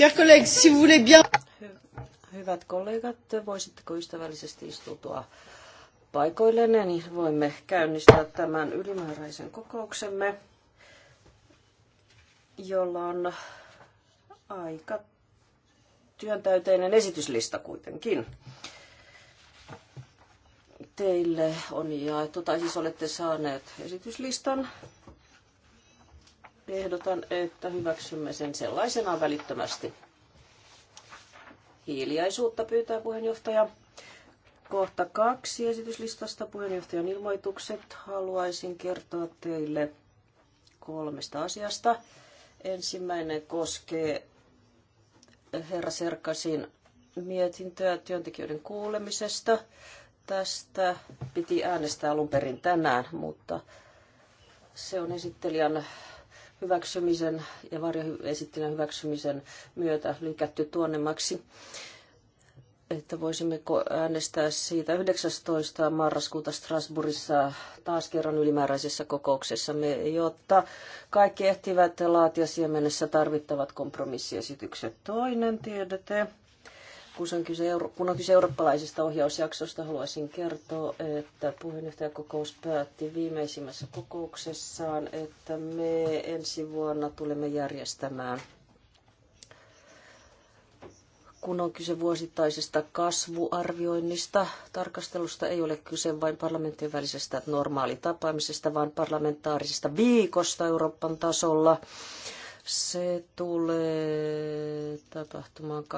Chers collègues, si vous voulez bien... Hyvät kollegat, voisitteko ystävällisesti istutua paikoillenne, niin voimme käynnistää tämän ylimääräisen kokouksemme, jolla on aika työntäyteinen esityslista kuitenkin teille on jaettu, tai siis olette saaneet esityslistan Ehdotan, että hyväksymme sen sellaisenaan välittömästi. Hiljaisuutta pyytää puheenjohtaja. Kohta kaksi esityslistasta puheenjohtajan ilmoitukset. Haluaisin kertoa teille kolmesta asiasta. Ensimmäinen koskee herra Serkasin mietintöä työntekijöiden kuulemisesta. Tästä piti äänestää alun perin tänään, mutta se on esittelijän hyväksymisen ja varjoesittelyn hyväksymisen myötä lykätty tuonnemmaksi että voisimme äänestää siitä 19. marraskuuta Strasbourgissa taas kerran ylimääräisessä kokouksessa, jotta kaikki ehtivät laatia siemenessä tarvittavat kompromissiesitykset. Toinen tiedote kun on kyse, euro, kun on kyse eurooppalaisesta ohjausjaksosta, haluaisin kertoa, että puheenjohtajakokous päätti viimeisimmässä kokouksessaan, että me ensi vuonna tulemme järjestämään kun on kyse vuosittaisesta kasvuarvioinnista, tarkastelusta ei ole kyse vain parlamenttien välisestä normaalitapaamisesta, vaan parlamentaarisesta viikosta Euroopan tasolla. Se tulee tapahtumaan 21.–30.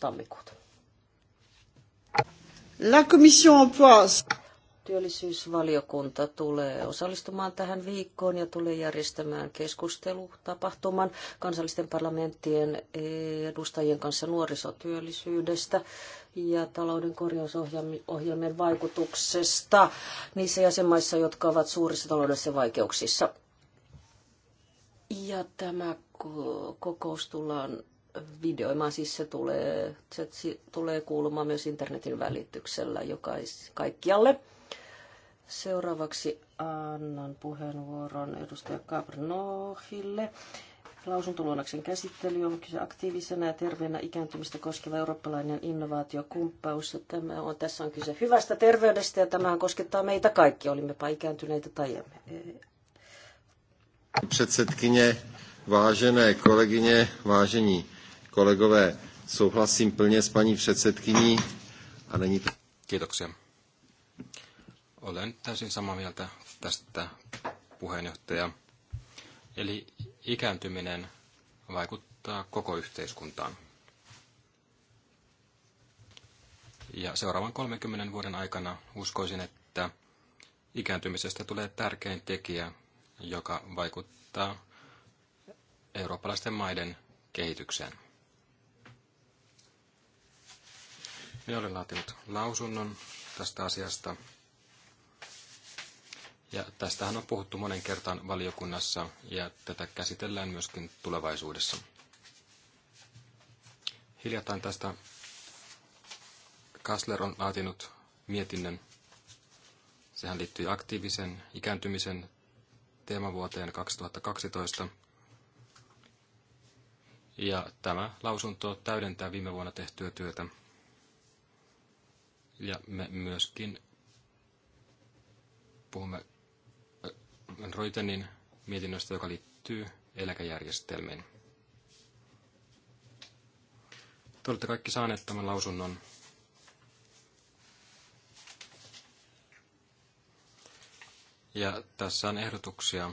tammikuuta. La Commission emploi. Työllisyysvaliokunta tulee osallistumaan tähän viikkoon ja tulee järjestämään keskustelutapahtuman kansallisten parlamenttien edustajien kanssa nuorisotyöllisyydestä ja talouden korjausohjelmien vaikutuksesta niissä jäsenmaissa, jotka ovat suurissa taloudellisissa vaikeuksissa. Ja tämä kokous tullaan videoimaan, siis se tulee, se tulee kuulumaan myös internetin välityksellä jokais, kaikkialle. Seuraavaksi annan puheenvuoron edustaja Cabrnohille. Lausuntoluonnoksen käsittely on kyse aktiivisena ja terveenä ikääntymistä koskeva eurooppalainen innovaatiokumppaus. Tämä on, tässä on kyse hyvästä terveydestä ja tämä koskettaa meitä kaikki, olimmepa ikääntyneitä tai emme. Předsedkyně, vážené kolegyně, vážení kolegové, souhlasím plně s paní předsedkyní a není... Kiitoksia. Olen täysin samaa mieltä tästä puheenjohtaja. Eli ikääntyminen vaikuttaa koko yhteiskuntaan. Ja seuraavan 30 vuoden aikana uskoisin, että ikääntymisestä tulee tärkein tekijä joka vaikuttaa eurooppalaisten maiden kehitykseen. Minä olen laatinut lausunnon tästä asiasta. Ja tästähän on puhuttu monen kertaan valiokunnassa ja tätä käsitellään myöskin tulevaisuudessa. Hiljattain tästä Kassler on laatinut mietinnön. Sehän liittyy aktiivisen ikääntymisen teemavuoteen 2012. Ja tämä lausunto täydentää viime vuonna tehtyä työtä. Ja me myöskin puhumme äh, Reutenin mietinnöstä, joka liittyy eläkejärjestelmiin. Te olette kaikki saaneet tämän lausunnon Ja tässä on ehdotuksia,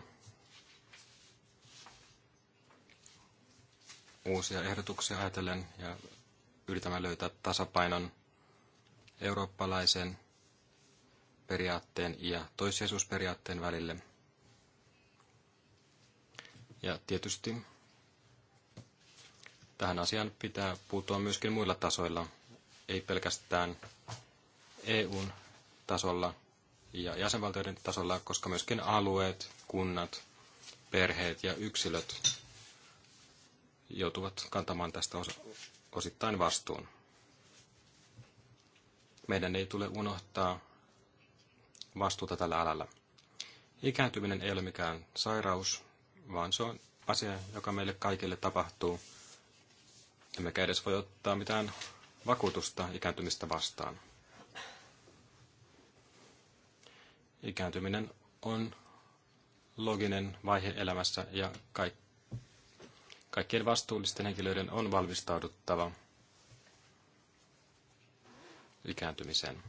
uusia ehdotuksia ajatellen ja yritämme löytää tasapainon eurooppalaisen periaatteen ja toissijaisuusperiaatteen välille. Ja tietysti tähän asiaan pitää puuttua myöskin muilla tasoilla, ei pelkästään EUn tasolla, ja jäsenvaltioiden tasolla, koska myöskin alueet, kunnat, perheet ja yksilöt joutuvat kantamaan tästä osittain vastuun. Meidän ei tule unohtaa vastuuta tällä alalla. Ikääntyminen ei ole mikään sairaus, vaan se on asia, joka meille kaikille tapahtuu. Emmekä edes voi ottaa mitään vakuutusta ikääntymistä vastaan. Ikääntyminen on loginen vaihe elämässä ja kaik- kaikkien vastuullisten henkilöiden on valmistauduttava ikääntymiseen.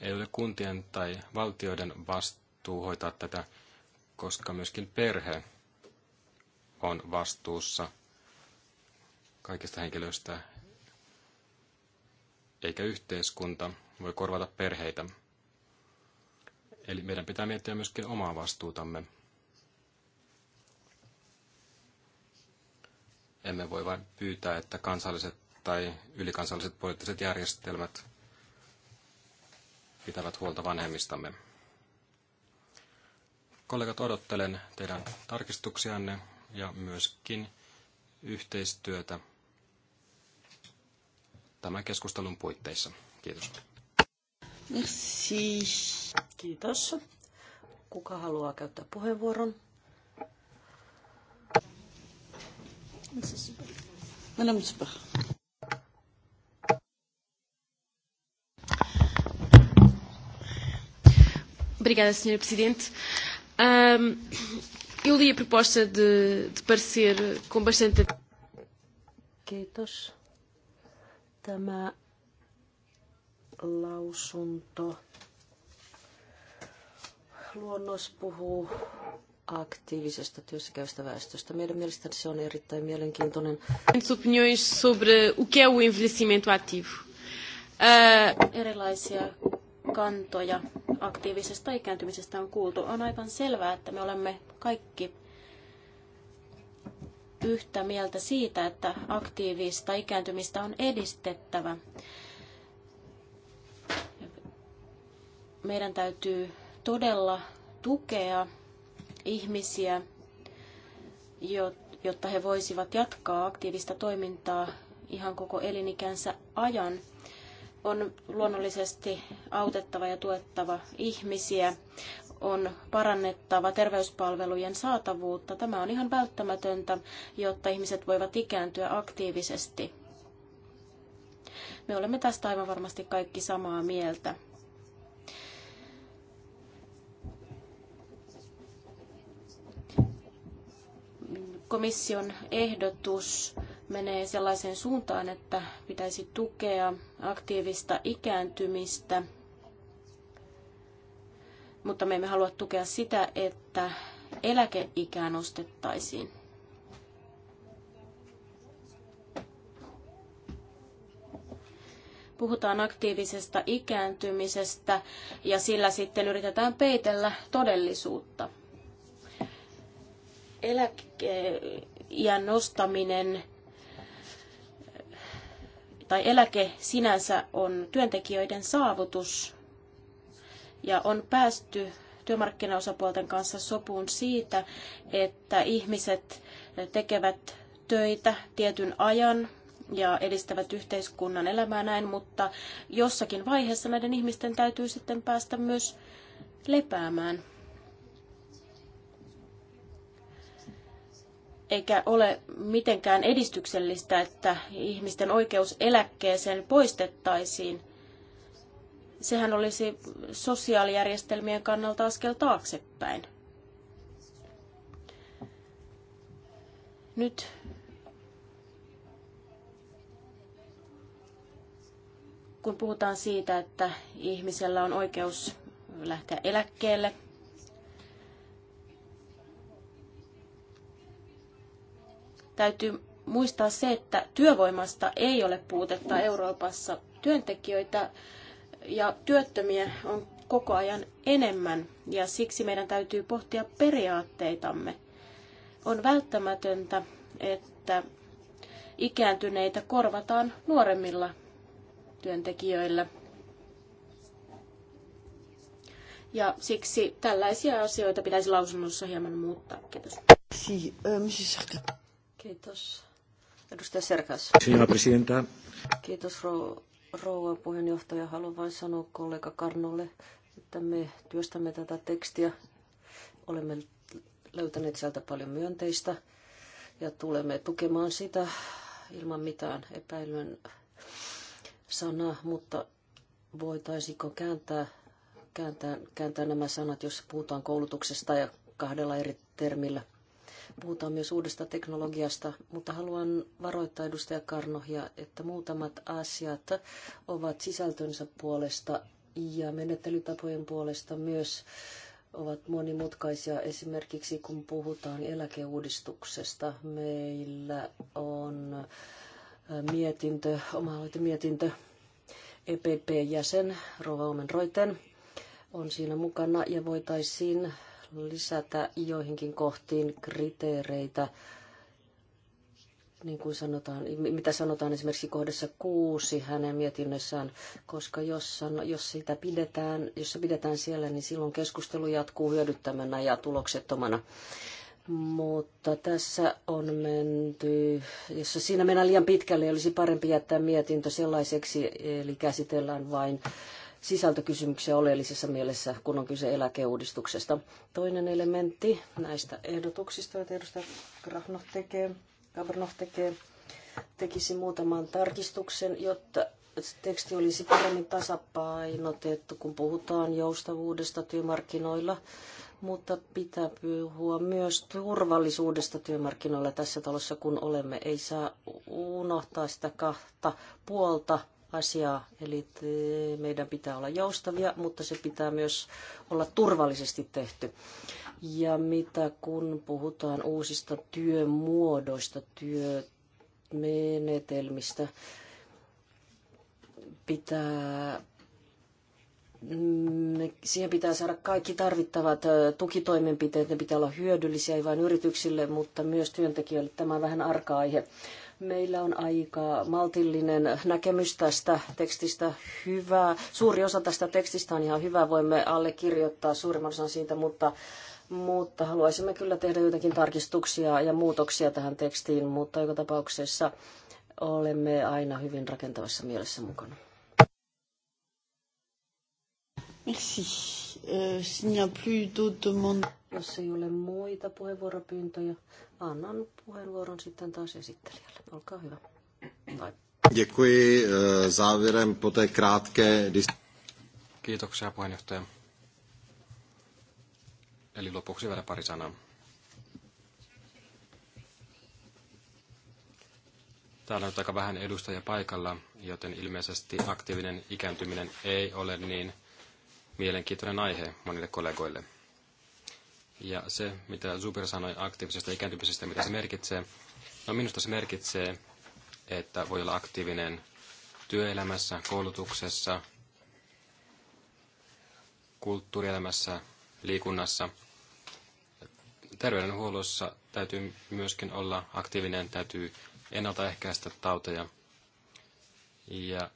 Ei ole kuntien tai valtioiden vastuu hoitaa tätä, koska myöskin perhe on vastuussa kaikista henkilöistä, eikä yhteiskunta voi korvata perheitä. Eli meidän pitää miettiä myöskin omaa vastuutamme. Emme voi vain pyytää, että kansalliset tai ylikansalliset poliittiset järjestelmät pitävät huolta vanhemmistamme. Kollegat, odottelen teidän tarkistuksianne ja myöskin yhteistyötä tämän keskustelun puitteissa. Kiitos. Merci. Kiitos. Kuka haluaa käyttää puheenvuoron? Madame Super. Obrigada, Sr. Presidente. Um, eu li a proposta de, de parecer com bastante. Kiitos. Tämä lausunto luonnos puhuu aktiivisesta työssäkäystä väestöstä. Meidän mielestäni se on erittäin mielenkiintoinen. Opiniões sobre o que é o envelhecimento ativo. Erilaisia kantoja aktiivisesta ikääntymisestä on kuultu. On aivan selvää, että me olemme kaikki yhtä mieltä siitä, että aktiivista ikääntymistä on edistettävä. Meidän täytyy todella tukea ihmisiä, jotta he voisivat jatkaa aktiivista toimintaa ihan koko elinikänsä ajan. On luonnollisesti autettava ja tuettava ihmisiä on parannettava terveyspalvelujen saatavuutta. Tämä on ihan välttämätöntä, jotta ihmiset voivat ikääntyä aktiivisesti. Me olemme tästä aivan varmasti kaikki samaa mieltä. Komission ehdotus menee sellaiseen suuntaan, että pitäisi tukea aktiivista ikääntymistä – mutta me emme halua tukea sitä, että eläkeikää nostettaisiin. Puhutaan aktiivisesta ikääntymisestä ja sillä sitten yritetään peitellä todellisuutta. Eläkeiän nostaminen tai eläke sinänsä on työntekijöiden saavutus ja on päästy työmarkkinaosapuolten kanssa sopuun siitä, että ihmiset tekevät töitä tietyn ajan ja edistävät yhteiskunnan elämää näin, mutta jossakin vaiheessa näiden ihmisten täytyy sitten päästä myös lepäämään. Eikä ole mitenkään edistyksellistä, että ihmisten oikeus eläkkeeseen poistettaisiin sehän olisi sosiaalijärjestelmien kannalta askel taaksepäin. Nyt kun puhutaan siitä, että ihmisellä on oikeus lähteä eläkkeelle, täytyy muistaa se, että työvoimasta ei ole puutetta Euroopassa. Työntekijöitä ja työttömiä on koko ajan enemmän ja siksi meidän täytyy pohtia periaatteitamme. On välttämätöntä, että ikääntyneitä korvataan nuoremmilla työntekijöillä. Ja siksi tällaisia asioita pitäisi lausunnossa hieman muuttaa. Kiitos. Euh, Kiitos. Edustaja Serkas. Kiitos, rouva Rouva puheenjohtaja, haluan vain sanoa kollega Karnolle, että me työstämme tätä tekstiä. Olemme löytäneet sieltä paljon myönteistä ja tulemme tukemaan sitä ilman mitään epäilyn sanaa, mutta voitaisiko kääntää, kääntää, kääntää nämä sanat, jos puhutaan koulutuksesta ja kahdella eri termillä – Puhutaan myös uudesta teknologiasta, mutta haluan varoittaa edustaja Karnohia, että muutamat asiat ovat sisältönsä puolesta ja menettelytapojen puolesta myös ovat monimutkaisia. Esimerkiksi kun puhutaan eläkeuudistuksesta, meillä on mietintö, oma mietintö EPP-jäsen Rova Omenroiten on siinä mukana ja voitaisiin lisätä joihinkin kohtiin kriteereitä, niin kuin sanotaan, mitä sanotaan esimerkiksi kohdassa kuusi hänen mietinnössään, koska jos, jos sitä pidetään, jos se pidetään siellä, niin silloin keskustelu jatkuu hyödyttämänä ja tuloksettomana. Mutta tässä on menty, jos siinä mennään liian pitkälle, niin olisi parempi jättää mietintö sellaiseksi, eli käsitellään vain sisältökysymyksiä oleellisessa mielessä, kun on kyse eläkeuudistuksesta. Toinen elementti näistä ehdotuksista, joita edustaja Grahnoff tekee, Kabrnoff tekee, tekisi muutaman tarkistuksen, jotta teksti olisi paremmin tasapainotettu, kun puhutaan joustavuudesta työmarkkinoilla, mutta pitää puhua myös turvallisuudesta työmarkkinoilla tässä talossa, kun olemme. Ei saa unohtaa sitä kahta puolta asiaa. Eli meidän pitää olla joustavia, mutta se pitää myös olla turvallisesti tehty. Ja mitä kun puhutaan uusista työmuodoista, työmenetelmistä, pitää siihen pitää saada kaikki tarvittavat tukitoimenpiteet, ne pitää olla hyödyllisiä ei vain yrityksille, mutta myös työntekijöille. Tämä on vähän arka aihe. Meillä on aika maltillinen näkemys tästä tekstistä hyvä Suuri osa tästä tekstistä on ihan hyvä, voimme allekirjoittaa suurimman osan siitä, mutta mutta haluaisimme kyllä tehdä jotakin tarkistuksia ja muutoksia tähän tekstiin, mutta joka tapauksessa olemme aina hyvin rakentavassa mielessä mukana. Merci. Euh, Jos ei ole muita puheenvuoropyyntöjä, annan puheenvuoron sitten taas esittelijälle. Olkaa hyvä. Tai. Děkuji eh, závěrem po té krátké... Kiitoksia puheenjohtaja. Eli lopuksi vielä pari sanaa. Täällä on aika vähän edustajia paikalla, joten ilmeisesti aktiivinen ikääntyminen ei ole niin mielenkiintoinen aihe monille kollegoille. Ja se, mitä Zuber sanoi aktiivisesta ikääntymisestä, mitä se merkitsee, no minusta se merkitsee, että voi olla aktiivinen työelämässä, koulutuksessa, kulttuurielämässä, liikunnassa. Terveydenhuollossa täytyy myöskin olla aktiivinen, täytyy ennaltaehkäistä tauteja. Ja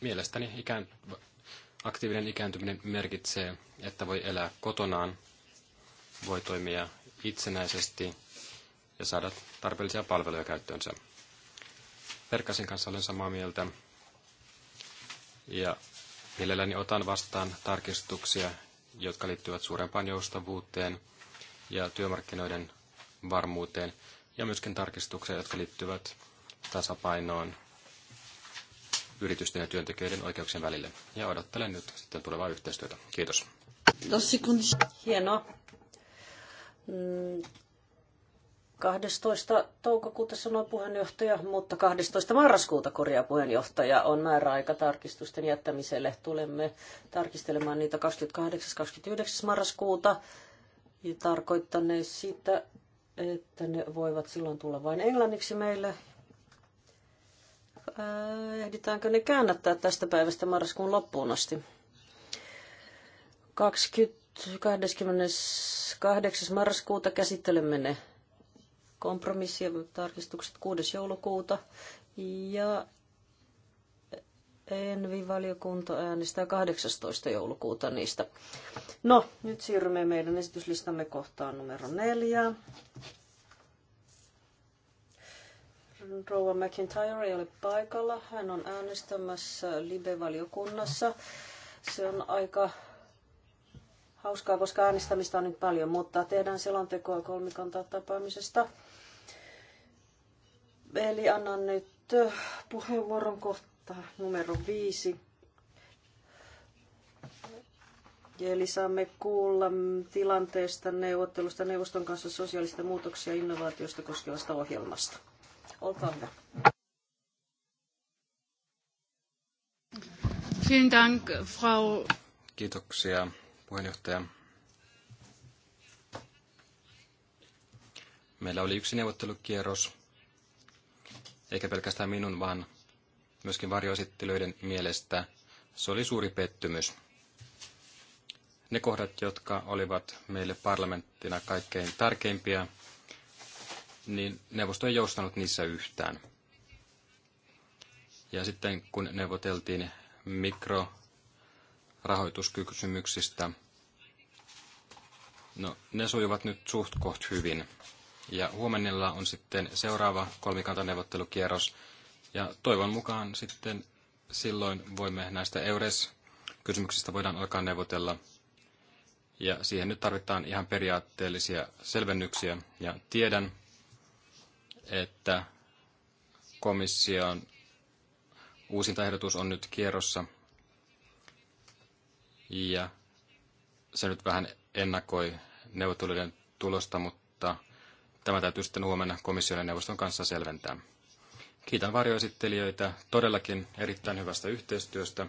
mielestäni ikään, aktiivinen ikääntyminen merkitsee, että voi elää kotonaan voi toimia itsenäisesti ja saada tarpeellisia palveluja käyttöönsä. Perkasin kanssa olen samaa mieltä ja mielelläni otan vastaan tarkistuksia, jotka liittyvät suurempaan joustavuuteen ja työmarkkinoiden varmuuteen ja myöskin tarkistuksia, jotka liittyvät tasapainoon yritysten ja työntekijöiden oikeuksien välille. Ja odottelen nyt sitten tulevaa yhteistyötä. Kiitos. Hienoa. 12. toukokuuta sanoi puheenjohtaja, mutta 12. marraskuuta korjaa puheenjohtaja on määräaika tarkistusten jättämiselle. Tulemme tarkistelemaan niitä 28-29. marraskuuta. Ja tarkoittanee sitä, että ne voivat silloin tulla vain englanniksi meille. Ää, äh, ehditäänkö ne käännättää tästä päivästä marraskuun loppuun asti? 20 28. marraskuuta käsittelemme ne kompromissien tarkistukset 6. joulukuuta ja Envi-valiokunta äänestää 18. joulukuuta niistä. No, nyt siirrymme meidän esityslistamme kohtaan numero neljä. Rouva McIntyre ei ole paikalla. Hän on äänestämässä Libe-valiokunnassa. Se on aika hauskaa, koska äänestämistä on nyt paljon, mutta tehdään selontekoa kolmikantaa tapaamisesta. Eli annan nyt äh, puheenvuoron kohta numero viisi. Eli saamme kuulla tilanteesta neuvottelusta neuvoston kanssa sosiaalista muutoksia ja innovaatiosta koskevasta ohjelmasta. Olkaa hyvä. Vielen Dank, Frau. Kiitoksia puheenjohtaja. Meillä oli yksi neuvottelukierros, eikä pelkästään minun, vaan myöskin varjoesittelyiden mielestä se oli suuri pettymys. Ne kohdat, jotka olivat meille parlamenttina kaikkein tärkeimpiä, niin neuvosto ei joustanut niissä yhtään. Ja sitten kun neuvoteltiin mikro- rahoituskysymyksistä. No, ne sujuvat nyt suht koht hyvin. Ja huomennella on sitten seuraava kolmikantaneuvottelukierros. Ja toivon mukaan sitten silloin voimme näistä EURES-kysymyksistä voidaan alkaa neuvotella. Ja siihen nyt tarvitaan ihan periaatteellisia selvennyksiä. Ja tiedän, että komission uusinta ehdotus on nyt kierrossa – ja se nyt vähän ennakoi neuvotteluiden tulosta, mutta tämä täytyy sitten huomenna komission ja neuvoston kanssa selventää. Kiitän varjoesittelijöitä todellakin erittäin hyvästä yhteistyöstä.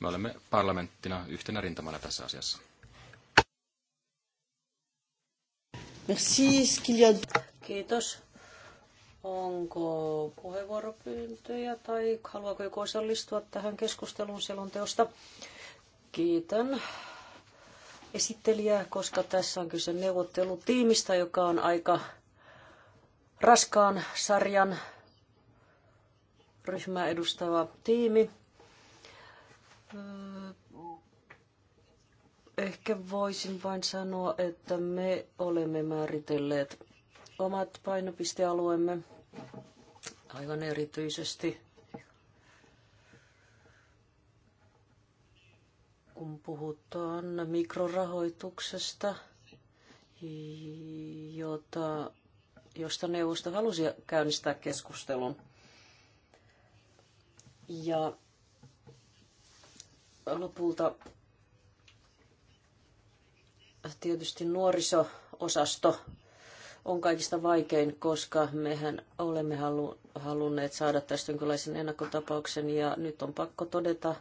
Me olemme parlamenttina yhtenä rintamana tässä asiassa. Merci, Kiitos. Onko puheenvuoropyyntöjä tai haluaako joku osallistua tähän keskusteluun selonteosta? Kiitän esittelijää, koska tässä on kyse neuvottelutiimistä, joka on aika raskaan sarjan ryhmää edustava tiimi. Ehkä voisin vain sanoa, että me olemme määritelleet omat painopistealueemme aivan erityisesti kun puhutaan mikrorahoituksesta, jota, josta neuvosto halusi käynnistää keskustelun. Ja lopulta tietysti nuoriso-osasto on kaikista vaikein, koska mehän olemme halunneet saada tästä jonkinlaisen ennakkotapauksen ja nyt on pakko todeta,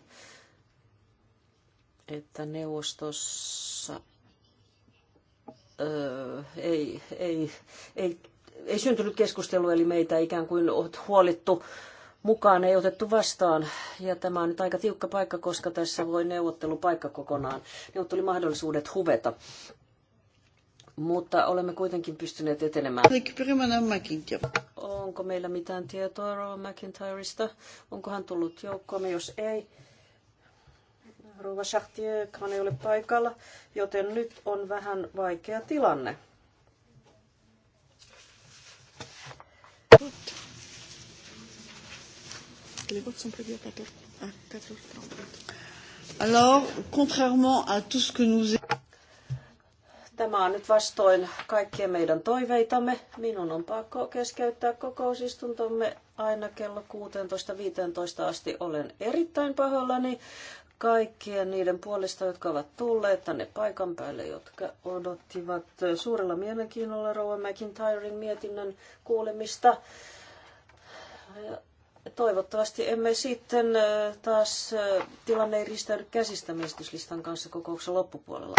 että neuvostossa öö, ei, ei, ei, ei syntynyt keskustelu, eli meitä ikään kuin huolittu mukaan ei otettu vastaan. Ja tämä on nyt aika tiukka paikka, koska tässä voi neuvottelupaikka kokonaan. tuli mahdollisuudet huveta. Mutta olemme kuitenkin pystyneet etenemään. Onko meillä mitään tietoa Rowan McIntyresta? Onko hän tullut joukkoomme? Jos ei, Rouva Schachtiekaan ei ole paikalla, joten nyt on vähän vaikea tilanne. Alors, contrairement à tout ce que nous... Tämä on nyt vastoin kaikkien meidän toiveitamme. Minun on pakko keskeyttää kokousistuntomme aina kello 16.15 asti. Olen erittäin pahoillani, kaikkien niiden puolesta, jotka ovat tulleet tänne paikan päälle, jotka odottivat suurella mielenkiinnolla Rowan McIntyren mietinnön kuulemista. Toivottavasti emme sitten äh, taas äh, tilanne ei käsistä menestyslistan kanssa kokouksen loppupuolella.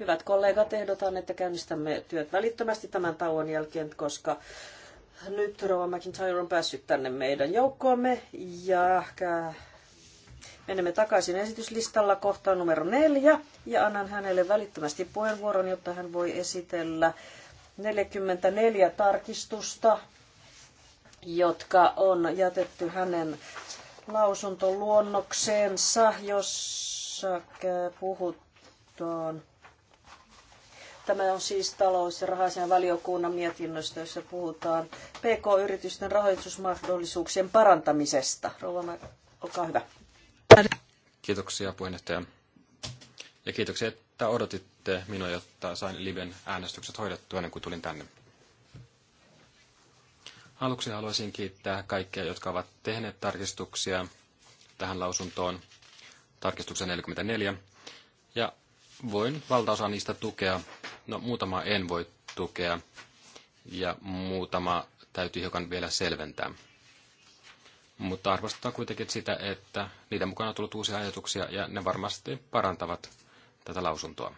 Hyvät kollegat, ehdotan, että käynnistämme työt välittömästi tämän tauon jälkeen, koska nyt Rova McIntyre on päässyt tänne meidän joukkoomme ja menemme takaisin esityslistalla kohtaan numero neljä ja annan hänelle välittömästi puheenvuoron, jotta hän voi esitellä 44 tarkistusta, jotka on jätetty hänen lausuntoluonnokseensa, jos jossa eh, puhutaan Tämä on siis talous- ja rahaisen valiokunnan mietinnöstä, jossa puhutaan PK-yritysten rahoitusmahdollisuuksien parantamisesta. Rouva, olkaa hyvä. Kiitoksia puheenjohtaja. Ja kiitoksia, että odotitte minua, jotta sain liven äänestykset hoidettua ennen kuin tulin tänne. Aluksi haluaisin kiittää kaikkia, jotka ovat tehneet tarkistuksia tähän lausuntoon tarkistuksen 44, ja voin valtaosa niistä tukea. No muutama en voi tukea, ja muutama täytyy hiukan vielä selventää. Mutta arvostetaan kuitenkin sitä, että niiden mukana on tullut uusia ajatuksia, ja ne varmasti parantavat tätä lausuntoa.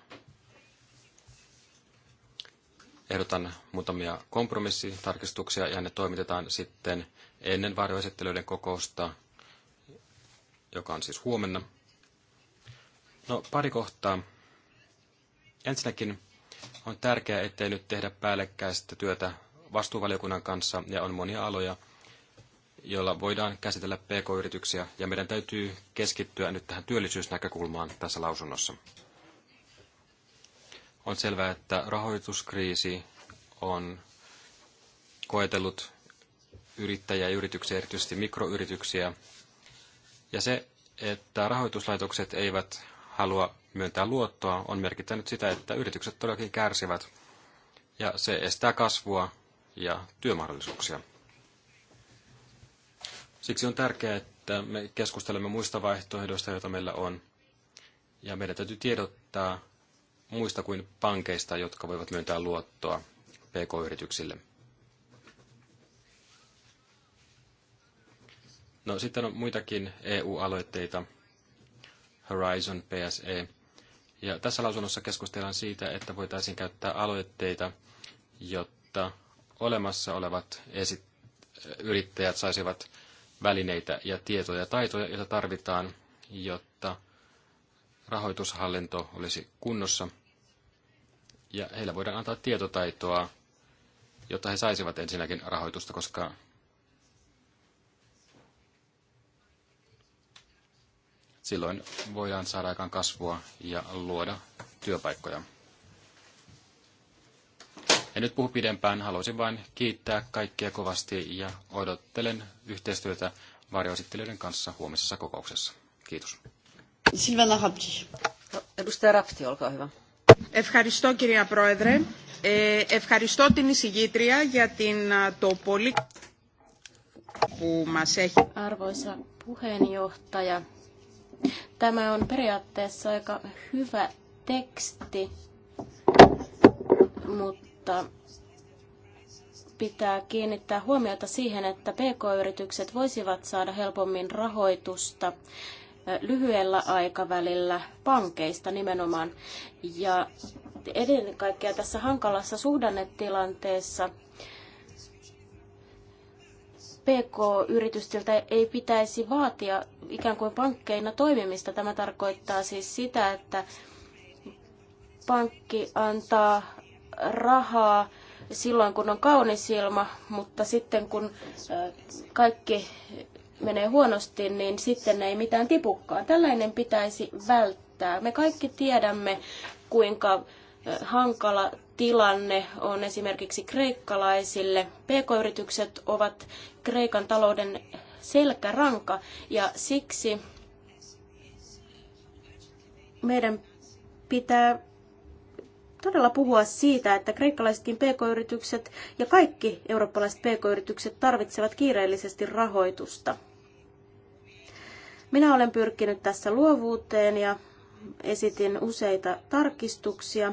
Ehdotan muutamia kompromissitarkistuksia ja ne toimitetaan sitten ennen varjoesittelyiden kokousta, joka on siis huomenna. No pari kohtaa. Ensinnäkin on tärkeää, ettei nyt tehdä päällekkäistä työtä vastuuvaliokunnan kanssa ja on monia aloja, joilla voidaan käsitellä pk-yrityksiä ja meidän täytyy keskittyä nyt tähän työllisyysnäkökulmaan tässä lausunnossa. On selvää, että rahoituskriisi on koetellut yrittäjiä ja yrityksiä, erityisesti mikroyrityksiä. Ja se, että rahoituslaitokset eivät halua myöntää luottoa, on merkittänyt sitä, että yritykset todellakin kärsivät ja se estää kasvua ja työmahdollisuuksia. Siksi on tärkeää, että me keskustelemme muista vaihtoehdoista, joita meillä on. Ja meidän täytyy tiedottaa muista kuin pankeista, jotka voivat myöntää luottoa pk-yrityksille. No sitten on muitakin EU-aloitteita, Horizon PSE. Ja tässä lausunnossa keskustellaan siitä, että voitaisiin käyttää aloitteita, jotta olemassa olevat esit- yrittäjät saisivat välineitä ja tietoja ja taitoja, joita tarvitaan, jotta rahoitushallinto olisi kunnossa. Ja heillä voidaan antaa tietotaitoa, jotta he saisivat ensinnäkin rahoitusta, koska Silloin voidaan saada aikaan kasvua ja luoda työpaikkoja. En nyt puhu pidempään, haluaisin vain kiittää kaikkia kovasti ja odottelen yhteistyötä varjoesittelijöiden kanssa huomisessa kokouksessa. Kiitos. Silvana Rapti. No, edustaja Rapti, olkaa hyvä. Ευχαριστώ κυρία Πρόεδρε. Ε, ευχαριστώ την εισηγήτρια για την, το πολύ που μας έχει. Arvoisa puheenjohtaja, Tämä on periaatteessa aika hyvä teksti, mutta pitää kiinnittää huomiota siihen, että pk-yritykset voisivat saada helpommin rahoitusta lyhyellä aikavälillä pankeista nimenomaan. Ja ennen kaikkea tässä hankalassa suhdannetilanteessa PK-yritystiltä ei pitäisi vaatia ikään kuin pankkeina toimimista. Tämä tarkoittaa siis sitä, että pankki antaa rahaa silloin, kun on kaunis ilma, mutta sitten kun kaikki menee huonosti, niin sitten ei mitään tipukkaan. Tällainen pitäisi välttää. Me kaikki tiedämme, kuinka hankala tilanne on esimerkiksi kreikkalaisille. PK-yritykset ovat Kreikan talouden selkäranka ja siksi meidän pitää todella puhua siitä, että kreikkalaisetkin pk-yritykset ja kaikki eurooppalaiset pk-yritykset tarvitsevat kiireellisesti rahoitusta. Minä olen pyrkinyt tässä luovuuteen ja esitin useita tarkistuksia.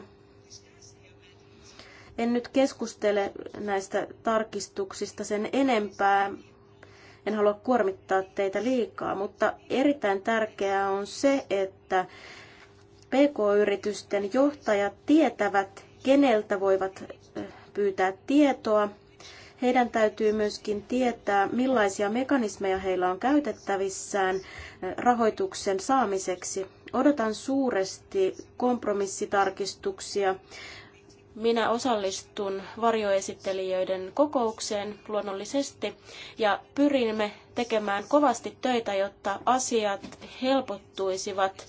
En nyt keskustele näistä tarkistuksista sen enempää. En halua kuormittaa teitä liikaa, mutta erittäin tärkeää on se, että PK-yritysten johtajat tietävät, keneltä voivat pyytää tietoa. Heidän täytyy myöskin tietää, millaisia mekanismeja heillä on käytettävissään rahoituksen saamiseksi. Odotan suuresti kompromissitarkistuksia. Minä osallistun varjoesittelijöiden kokoukseen luonnollisesti ja pyrimme tekemään kovasti töitä, jotta asiat helpottuisivat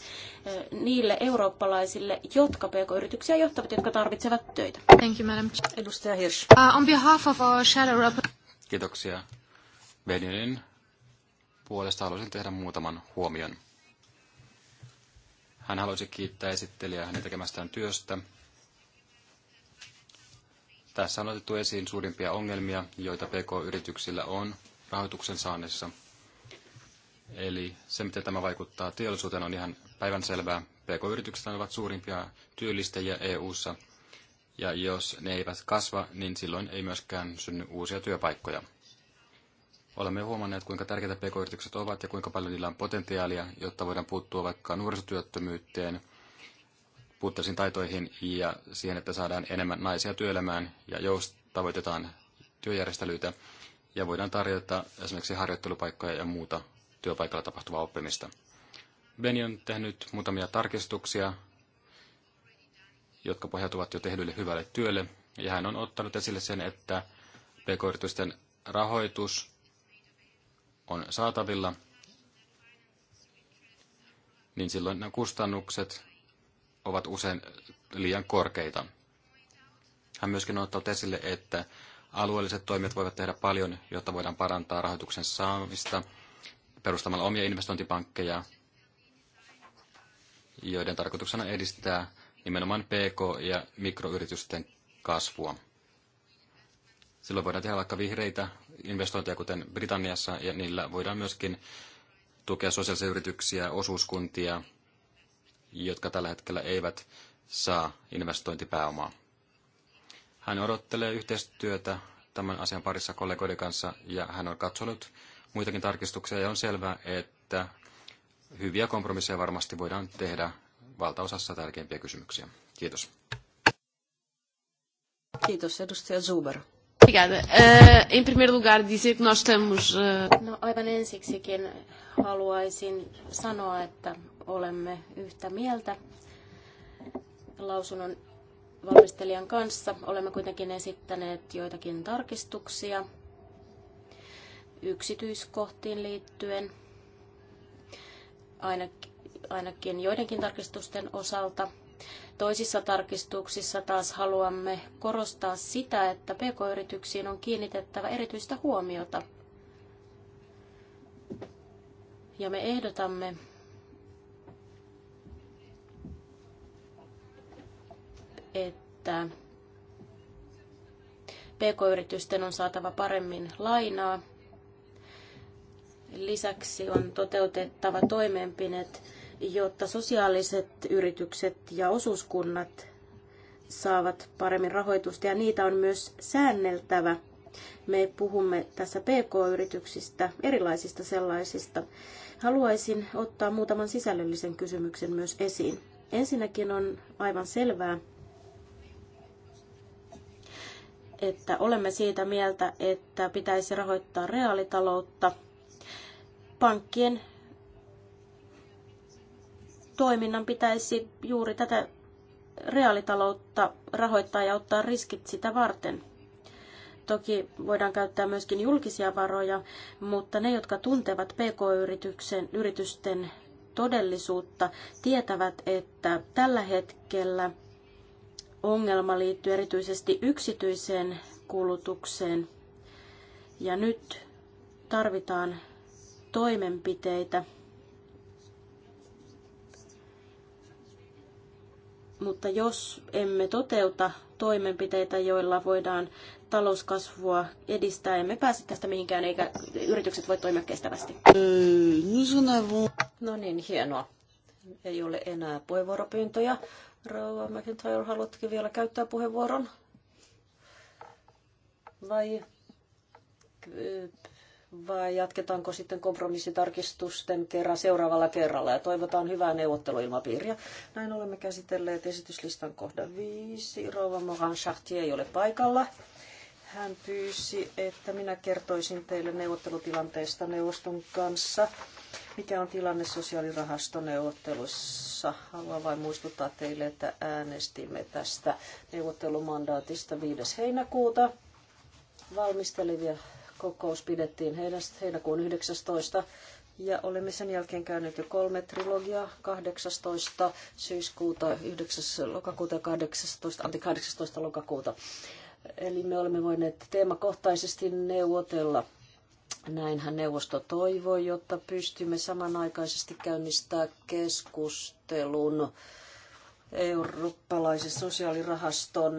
niille eurooppalaisille, jotka pk-yrityksiä johtavat, jotka tarvitsevat töitä. Thank you, Madam Edustaja Hirsch. Uh, on behalf of our shadow Kiitoksia. Beninin puolesta haluaisin tehdä muutaman huomion. Hän haluaisi kiittää esittelijää hänen tekemästään työstä tässä on otettu esiin suurimpia ongelmia, joita PK-yrityksillä on rahoituksen saannissa. Eli se, miten tämä vaikuttaa teollisuuteen, on ihan päivänselvää. PK-yritykset ovat suurimpia työllistäjiä EU-ssa, ja jos ne eivät kasva, niin silloin ei myöskään synny uusia työpaikkoja. Olemme huomanneet, kuinka tärkeitä pk-yritykset ovat ja kuinka paljon niillä on potentiaalia, jotta voidaan puuttua vaikka nuorisotyöttömyyteen – puutteisiin taitoihin ja siihen, että saadaan enemmän naisia työelämään ja joustavoitetaan työjärjestelyitä ja voidaan tarjota esimerkiksi harjoittelupaikkoja ja muuta työpaikalla tapahtuvaa oppimista. Beni on tehnyt muutamia tarkistuksia, jotka pohjautuvat jo tehdylle hyvälle työlle, ja hän on ottanut esille sen, että pk rahoitus on saatavilla, niin silloin nämä kustannukset ovat usein liian korkeita. Hän myöskin on ottanut esille, että alueelliset toimijat voivat tehdä paljon, jotta voidaan parantaa rahoituksen saamista perustamalla omia investointipankkeja, joiden tarkoituksena edistää nimenomaan PK- ja mikroyritysten kasvua. Silloin voidaan tehdä vaikka vihreitä investointeja, kuten Britanniassa, ja niillä voidaan myöskin tukea sosiaalisia yrityksiä, osuuskuntia jotka tällä hetkellä eivät saa investointipääomaa. Hän odottelee yhteistyötä tämän asian parissa kollegoiden kanssa ja hän on katsonut muitakin tarkistuksia ja on selvää, että hyviä kompromisseja varmasti voidaan tehdä valtaosassa tärkeimpiä kysymyksiä. Kiitos. Kiitos, edustaja Zuber. Obrigada. Uh, lugar, que nós estamos... Eh, no, aivan ensiksikin haluaisin sanoa, että olemme yhtä mieltä lausunnon valmistelijan kanssa. Olemme kuitenkin esittäneet joitakin tarkistuksia yksityiskohtiin liittyen, ainakin, joidenkin tarkistusten osalta. Toisissa tarkistuksissa taas haluamme korostaa sitä, että pk-yrityksiin on kiinnitettävä erityistä huomiota. Ja me ehdotamme, että pk-yritysten on saatava paremmin lainaa. Lisäksi on toteutettava toimenpineet, jotta sosiaaliset yritykset ja osuuskunnat saavat paremmin rahoitusta ja niitä on myös säänneltävä. Me puhumme tässä PK-yrityksistä, erilaisista sellaisista. Haluaisin ottaa muutaman sisällöllisen kysymyksen myös esiin. Ensinnäkin on aivan selvää, että olemme siitä mieltä, että pitäisi rahoittaa reaalitaloutta. Pankkien toiminnan pitäisi juuri tätä reaalitaloutta rahoittaa ja ottaa riskit sitä varten. Toki voidaan käyttää myöskin julkisia varoja, mutta ne, jotka tuntevat pk-yritysten todellisuutta, tietävät, että tällä hetkellä – ongelma liittyy erityisesti yksityiseen kulutukseen. Ja nyt tarvitaan toimenpiteitä, mutta jos emme toteuta toimenpiteitä, joilla voidaan talouskasvua edistää, emme pääse tästä mihinkään, eikä yritykset voi toimia kestävästi. Euh, no niin, hienoa. Ei ole enää puheenvuoropyyntöjä. Rauha McIntyre, haluatteko vielä käyttää puheenvuoron? Vai, vai jatketaanko sitten kompromissitarkistusten kerran seuraavalla kerralla ja toivotaan hyvää neuvotteluilmapiiriä. Näin olemme käsitelleet esityslistan kohdan viisi. Rouva Moran Chartier ei ole paikalla. Hän pyysi, että minä kertoisin teille neuvottelutilanteesta neuvoston kanssa mikä on tilanne sosiaalirahastoneuvottelussa? Haluan vain muistuttaa teille, että äänestimme tästä neuvottelumandaatista 5. heinäkuuta. Valmistelevia kokous pidettiin heinäkuun 19. Ja olemme sen jälkeen käyneet jo kolme trilogiaa, 18. syyskuuta, 9. lokakuuta ja 18, anti 18. lokakuuta. Eli me olemme voineet teemakohtaisesti neuvotella Näinhän neuvosto toivoi, jotta pystymme samanaikaisesti käynnistää keskustelun eurooppalaisen sosiaalirahaston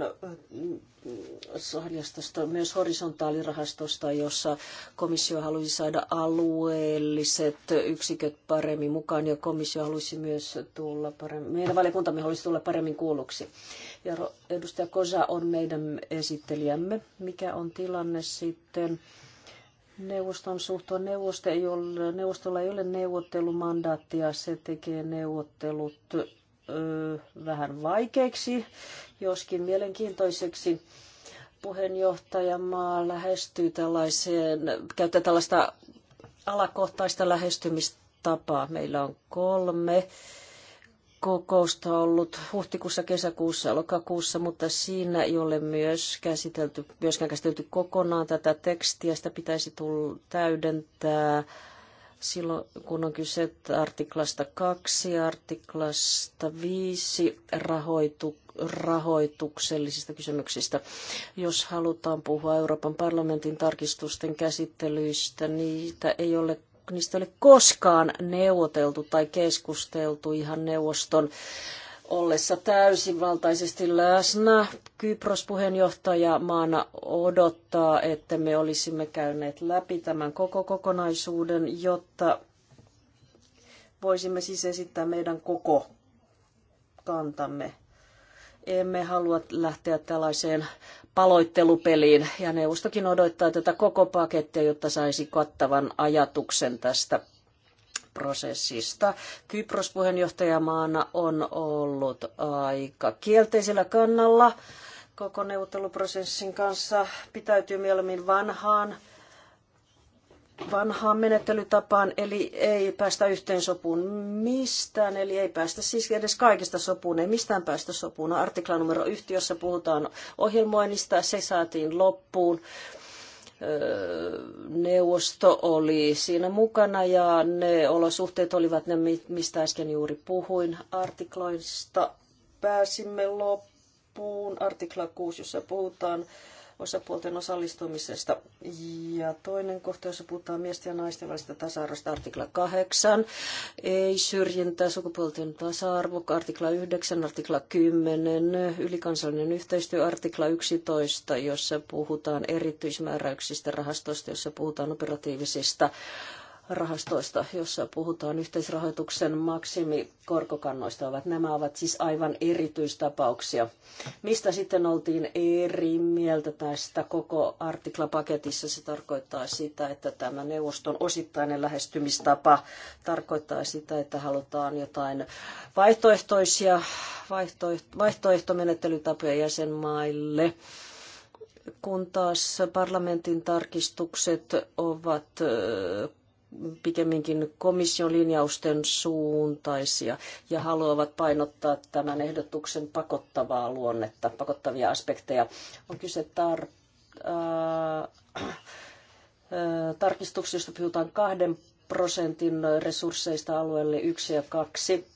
myös horisontaalirahastosta, jossa komissio halusi saada alueelliset yksiköt paremmin mukaan ja komissio halusi myös tulla paremmin, meidän valiokuntamme haluaisi tulla paremmin kuulluksi. Ja edustaja Kosa on meidän esittelijämme. Mikä on tilanne sitten? neuvoston suhteen. Neuvosto ei ole, neuvostolla ei ole neuvottelumandaattia, se tekee neuvottelut ö, vähän vaikeiksi, joskin mielenkiintoiseksi. Puheenjohtajamaa lähestyy tällaiseen, käyttää tällaista alakohtaista lähestymistapaa. Meillä on kolme kokousta ollut huhtikuussa, kesäkuussa, lokakuussa, mutta siinä ei ole myös käsitelty, myöskään käsitelty kokonaan tätä tekstiä. Sitä pitäisi tulla täydentää silloin, kun on kyse artiklasta 2, artiklasta 5 rahoitu, rahoituksellisista kysymyksistä. Jos halutaan puhua Euroopan parlamentin tarkistusten käsittelyistä, niitä ei ole niistä ei ole koskaan neuvoteltu tai keskusteltu ihan neuvoston ollessa täysinvaltaisesti läsnä. Kypros puheenjohtaja maana odottaa, että me olisimme käyneet läpi tämän koko kokonaisuuden, jotta voisimme siis esittää meidän koko kantamme. Emme halua lähteä tällaiseen paloittelupeliin. Ja neuvostokin odottaa tätä koko pakettia, jotta saisi kattavan ajatuksen tästä prosessista. Kypros puheenjohtajamaana on ollut aika kielteisellä kannalla koko neuvotteluprosessin kanssa, pitäytyy mieluummin vanhaan vanhaan menettelytapaan, eli ei päästä yhteen sopuun mistään, eli ei päästä siis edes kaikista sopuun, ei mistään päästä sopuun. No, artikla numero yhti, jossa puhutaan ohjelmoinnista, se saatiin loppuun. Neuvosto oli siinä mukana ja ne olosuhteet olivat ne, mistä äsken juuri puhuin. Artikloista pääsimme loppuun. Artikla 6, jossa puhutaan osapuolten osallistumisesta. Ja toinen kohta, jossa puhutaan miesten ja naisten välistä tasa-arvosta, artikla 8, ei syrjintää, sukupuolten tasa-arvo, artikla 9, artikla 10, ylikansallinen yhteistyö, artikla 11, jossa puhutaan erityismääräyksistä rahastosta, jossa puhutaan operatiivisista rahastoista, jossa puhutaan yhteisrahoituksen maksimikorkokannoista. Ovat, nämä ovat siis aivan erityistapauksia. Mistä sitten oltiin eri mieltä tästä koko artiklapaketissa? Se tarkoittaa sitä, että tämä neuvoston osittainen lähestymistapa tarkoittaa sitä, että halutaan jotain vaihtoehtoisia vaihtoehto, vaihtoehtomenettelytapoja jäsenmaille kun taas parlamentin tarkistukset ovat pikemminkin komission linjausten suuntaisia ja haluavat painottaa tämän ehdotuksen pakottavaa luonnetta, pakottavia aspekteja. On kyse tar- äh, äh, tarkistuksista, puhutaan kahden prosentin resursseista alueelle yksi ja kaksi.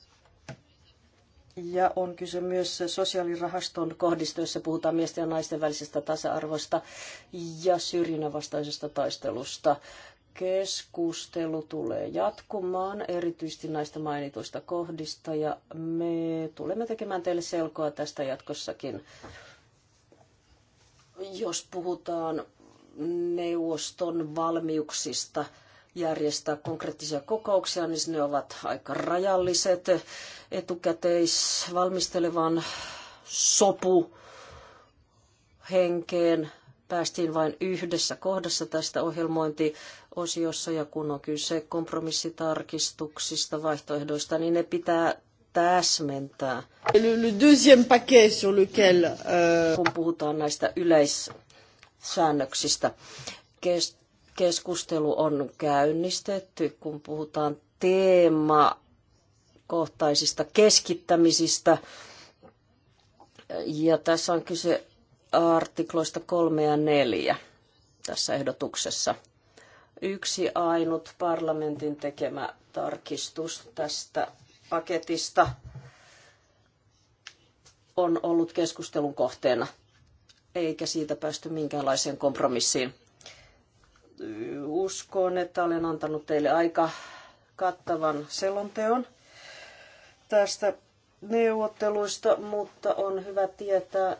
Ja on kyse myös sosiaalirahaston kohdista, jossa puhutaan miesten ja naisten välisestä tasa-arvosta ja syrjinnän vastaisesta taistelusta keskustelu tulee jatkumaan, erityisesti näistä mainituista kohdista, ja me tulemme tekemään teille selkoa tästä jatkossakin. Jos puhutaan neuvoston valmiuksista järjestää konkreettisia kokouksia, niin ne ovat aika rajalliset etukäteisvalmistelevan sopu henkeen päästiin vain yhdessä kohdassa tästä ohjelmointi osiossa ja kun on kyse kompromissitarkistuksista, vaihtoehdoista, niin ne pitää täsmentää. Le, le deuxième paquet sur lequel, euh... Kun puhutaan näistä yleissäännöksistä, kes, keskustelu on käynnistetty, kun puhutaan teemakohtaisista keskittämisistä. Ja tässä on kyse artikloista kolme ja neljä tässä ehdotuksessa – yksi ainut parlamentin tekemä tarkistus tästä paketista on ollut keskustelun kohteena, eikä siitä päästy minkäänlaiseen kompromissiin. Uskon, että olen antanut teille aika kattavan selonteon tästä neuvotteluista, mutta on hyvä tietää,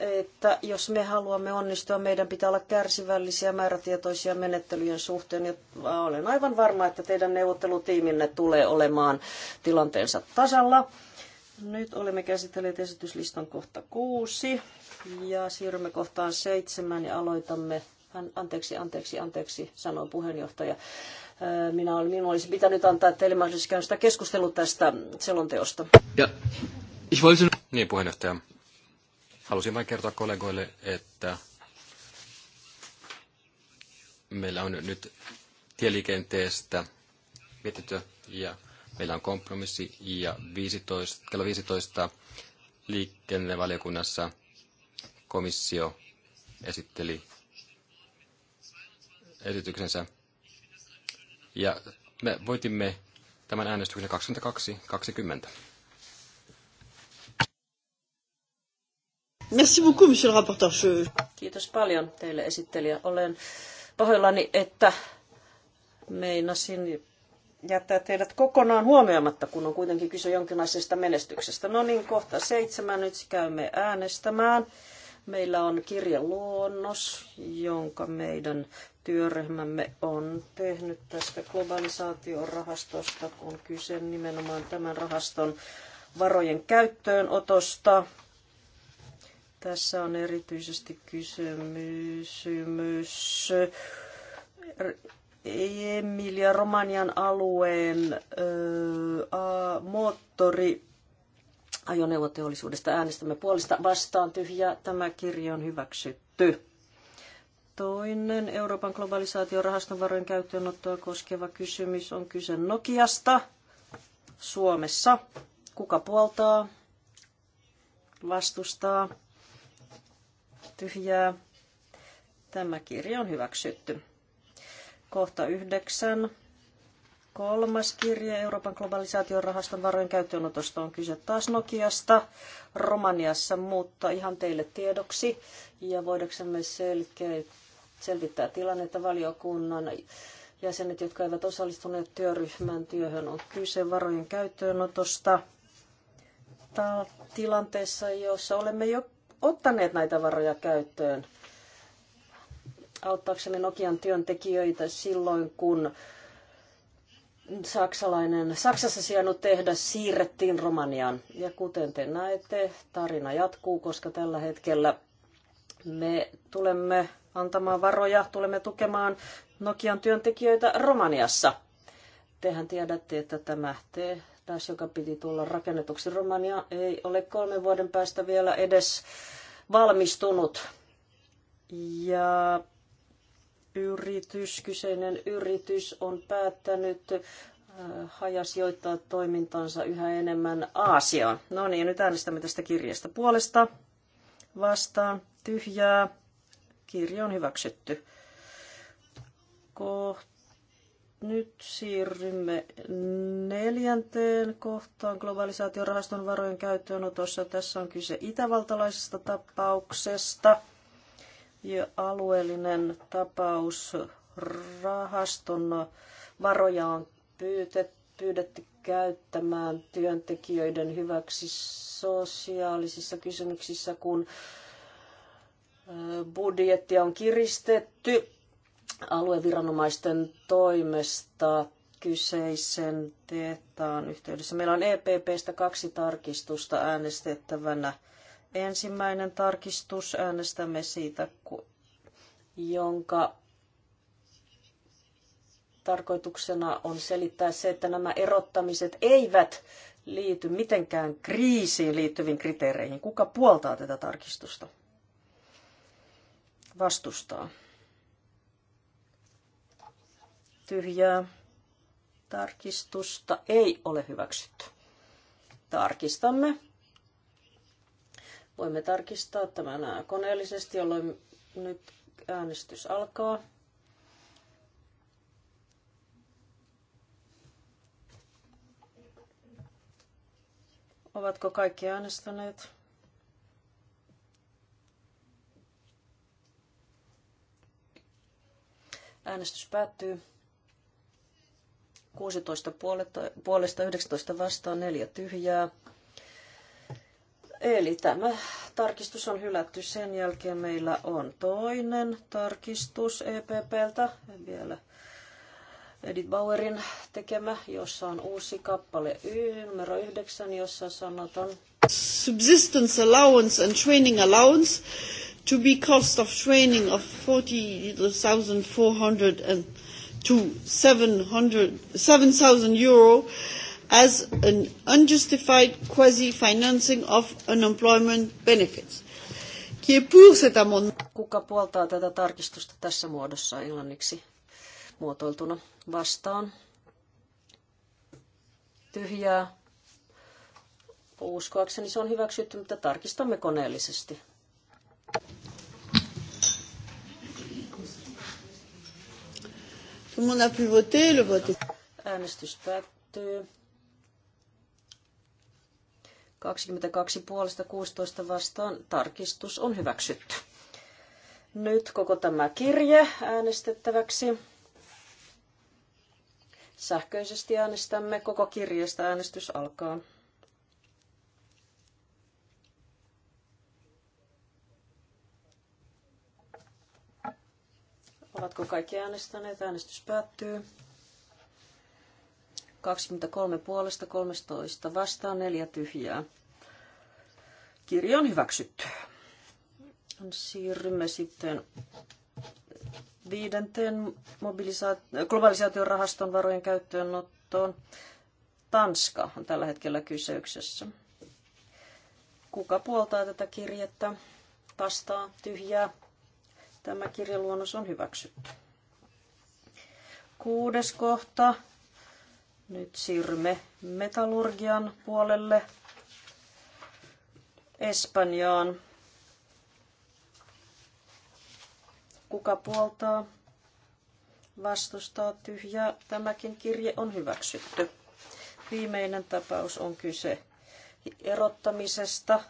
että jos me haluamme onnistua, meidän pitää olla kärsivällisiä määrätietoisia menettelyjen suhteen. Ja olen aivan varma, että teidän neuvottelutiiminne tulee olemaan tilanteensa tasalla. Nyt olemme käsitelleet esityslistan kohta kuusi ja siirrymme kohtaan seitsemän ja aloitamme. anteeksi, anteeksi, anteeksi, Sanoi puheenjohtaja. Minä olin, minun olisi pitänyt antaa teille mahdollisuus käydä sitä keskustelua tästä selonteosta. Ja, ich wollte... Niin, puheenjohtaja. Halusin vain kertoa kollegoille, että meillä on nyt tieliikenteestä mietitty ja meillä on kompromissi ja 15, kello 15 liikennevaliokunnassa komissio esitteli esityksensä. Ja me voitimme tämän äänestyksen 22-20. Merci beaucoup, monsieur le rapporteur. Je... Kiitos paljon teille esittelijä. Olen pahoillani, että meinasin jättää teidät kokonaan huomioimatta, kun on kuitenkin kyse jonkinlaisesta menestyksestä. No niin, kohta seitsemän. Nyt käymme äänestämään. Meillä on kirjaluonnos, jonka meidän työryhmämme on tehnyt tästä globalisaatiorahastosta, kun kyse nimenomaan tämän rahaston varojen käyttöönotosta. Tässä on erityisesti kysymys eh, Emilia Romanian alueen eh, moottori ajoneuvoteollisuudesta äänestämme puolesta vastaan tyhjä. Tämä kirja on hyväksytty. Toinen Euroopan globalisaatiorahaston varojen käyttöönottoa koskeva kysymys on kyse Nokiasta Suomessa. Kuka puoltaa? Vastustaa? tyhjää. Tämä kirja on hyväksytty. Kohta yhdeksän. Kolmas kirje Euroopan globalisaation rahaston varojen käyttöönotosta on kyse taas Nokiasta Romaniassa, mutta ihan teille tiedoksi ja voidaksemme selkeä, selvittää tilannetta valiokunnan jäsenet, jotka eivät osallistuneet työryhmän työhön, on kyse varojen käyttöönotosta tilanteessa, jossa olemme jo ottaneet näitä varoja käyttöön auttaaksemme Nokian työntekijöitä silloin, kun saksalainen, Saksassa sijainnut tehdas siirrettiin Romaniaan. Ja kuten te näette, tarina jatkuu, koska tällä hetkellä me tulemme antamaan varoja, tulemme tukemaan Nokian työntekijöitä Romaniassa. Tehän tiedätte, että tämä te taas, joka piti tulla rakennetuksi Romania, ei ole kolmen vuoden päästä vielä edes valmistunut. Ja yritys, kyseinen yritys on päättänyt äh, hajasijoittaa toimintansa yhä enemmän Aasiaan. No niin, nyt äänestämme tästä kirjasta puolesta. Vastaan. Tyhjää. Kirja on hyväksytty. Kohta nyt siirrymme neljänteen kohtaan globalisaatiorahaston varojen käyttöönotossa. Tässä on kyse itävaltalaisesta tapauksesta ja alueellinen tapaus rahaston varoja on pyydetty, pyydetty käyttämään työntekijöiden hyväksi sosiaalisissa kysymyksissä, kun budjettia on kiristetty alueviranomaisten toimesta kyseisen tehtaan yhteydessä. Meillä on EPPstä kaksi tarkistusta äänestettävänä. Ensimmäinen tarkistus äänestämme siitä, jonka tarkoituksena on selittää se, että nämä erottamiset eivät liity mitenkään kriisiin liittyviin kriteereihin. Kuka puoltaa tätä tarkistusta? Vastustaa tyhjää. Tarkistusta ei ole hyväksytty. Tarkistamme. Voimme tarkistaa tämän koneellisesti, jolloin nyt äänestys alkaa. Ovatko kaikki äänestäneet? Äänestys päättyy. 16 puolesta 19 vastaan, neljä tyhjää. Eli tämä tarkistus on hylätty. Sen jälkeen meillä on toinen tarkistus EPPltä, vielä Edith Bauerin tekemä, jossa on uusi kappale Y numero 9, jossa sanotaan Subsistence allowance and training allowance to be cost of training of 40,400 and to 7,000 7, euro as an unjustified quasi-financing of unemployment benefits. Kuka puoltaa tätä tarkistusta tässä muodossa englanniksi muotoiltuna vastaan? Tyhjää. Uskoakseni se on hyväksytty, mutta tarkistamme koneellisesti. Tout le monde a pu voter, le vote est... Äänestys päättyy. 22 puolesta 16 vastaan tarkistus on hyväksytty. Nyt koko tämä kirje äänestettäväksi. Sähköisesti äänestämme. Koko kirjeestä äänestys alkaa. Ovatko kaikki äänestäneet? Äänestys päättyy. 23 puolesta, 13 vastaan, 4 tyhjää. Kirja on hyväksytty. Siirrymme sitten viidenteen mobilisaat- globalisaatiorahaston varojen käyttöönottoon. Tanska on tällä hetkellä kyseyksessä. Kuka puoltaa tätä kirjettä? Vastaa tyhjää. Tämä kirjaluonnos on hyväksytty. Kuudes kohta. Nyt siirrymme metallurgian puolelle Espanjaan. Kuka puoltaa? Vastustaa tyhjää. Tämäkin kirje on hyväksytty. Viimeinen tapaus on kyse erottamisesta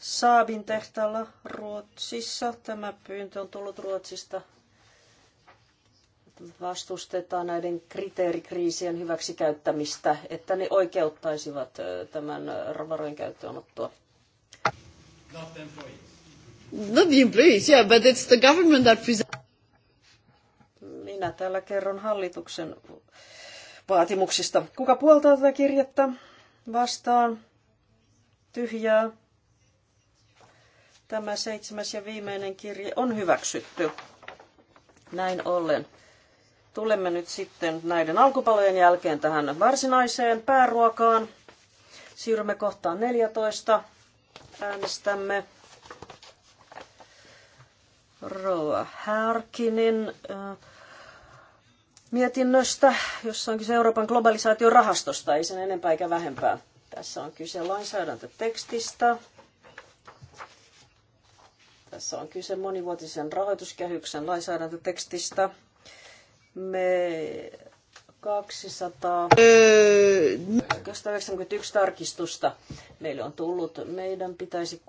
Saabin tehtaalla Ruotsissa. Tämä pyyntö on tullut Ruotsista. Vastustetaan näiden kriteerikriisien hyväksikäyttämistä, että ne oikeuttaisivat tämän varojen käyttöönottoa. Not the employees. Not the employees, yeah, but it's the government that presents... Minä täällä kerron hallituksen vaatimuksista. Kuka puoltaa tätä kirjettä? Vastaan. Tyhjää Tämä seitsemäs ja viimeinen kirje on hyväksytty. Näin ollen tulemme nyt sitten näiden alkupalojen jälkeen tähän varsinaiseen pääruokaan. Siirrymme kohtaan 14. Äänestämme Roa Härkinin äh, mietinnöstä, jossa on kyse Euroopan globalisaation rahastosta, ei sen enempää eikä vähempää. Tässä on kyse lainsäädäntötekstistä, tässä on kyse monivuotisen rahoituskehyksen lainsäädäntötekstistä. Me 200, 291 tarkistusta meille on tullut. Meidän pitäisi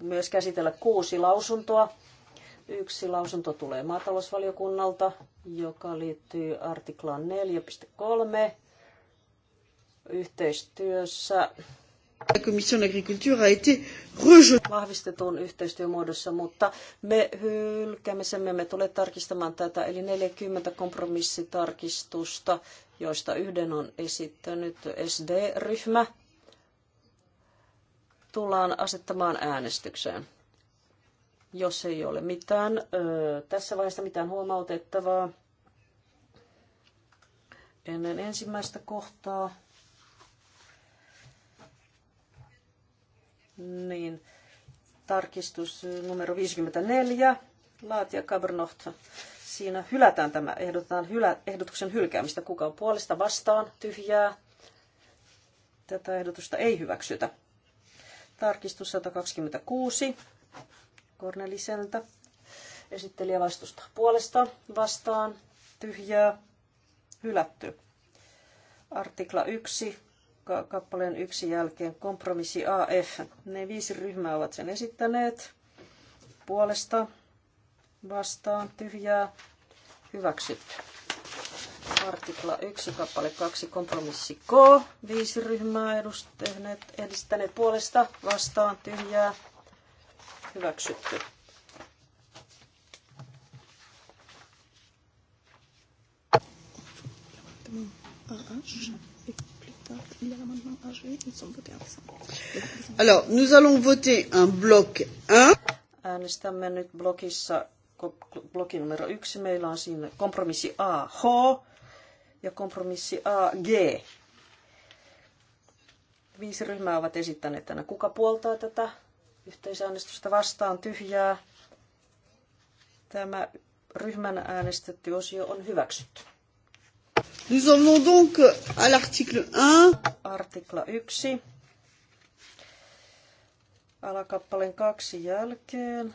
myös käsitellä kuusi lausuntoa. Yksi lausunto tulee maatalousvaliokunnalta, joka liittyy artiklaan 4.3 yhteistyössä La Commission d'agriculture a été rejetée. Vahvistetun yhteistyön muodossa, mutta me hylkäämme sen, me emme tule tarkistamaan tätä, eli 40 kompromissitarkistusta, joista yhden on esittänyt SD-ryhmä, tullaan asettamaan äänestykseen. Jos ei ole mitään, ö, tässä vaiheessa mitään huomautettavaa ennen ensimmäistä kohtaa. Niin, tarkistus numero 54, laatia Cabernoht. Siinä hylätään tämä, ehdotetaan hylä, ehdotuksen hylkäämistä. Kuka on puolesta vastaan, tyhjää. Tätä ehdotusta ei hyväksytä. Tarkistus 126 Korneliseltä. Esittelijä vastustaa puolesta vastaan, tyhjää, hylätty. Artikla 1, kappaleen yksi jälkeen kompromissi AF. Ne viisi ryhmää ovat sen esittäneet puolesta vastaan tyhjää hyväksytty. Artikla 1, kappale 2, kompromissi K. Viisi ryhmää edustaneet, edistäneet puolesta vastaan tyhjää hyväksytty. Mm. Alors, nous allons voter un bloc 1. Äänestämme nyt blokissa, blokki numero 1. Meillä on siinä kompromissi A, H ja kompromissi A, G. Viisi ryhmää ovat esittäneet tänä. Kuka puoltaa tätä yhteisäänestystä vastaan tyhjää? Tämä ryhmän äänestetty osio on hyväksytty. Nous en venons donc à l'article 1. Artikla 1. Alakappaleen kaksi jälkeen.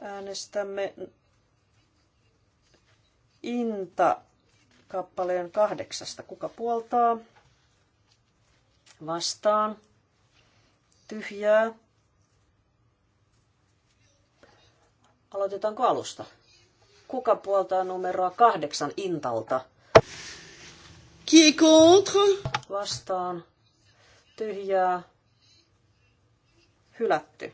Äänestämme Inta kappaleen kahdeksasta. Kuka puoltaa? Vastaan. Tyhjää. Aloitetaanko alusta? Kuka puoltaa numeroa kahdeksan Intalta? Qui est contre? Vastaan. Tyhjää. Hylätty.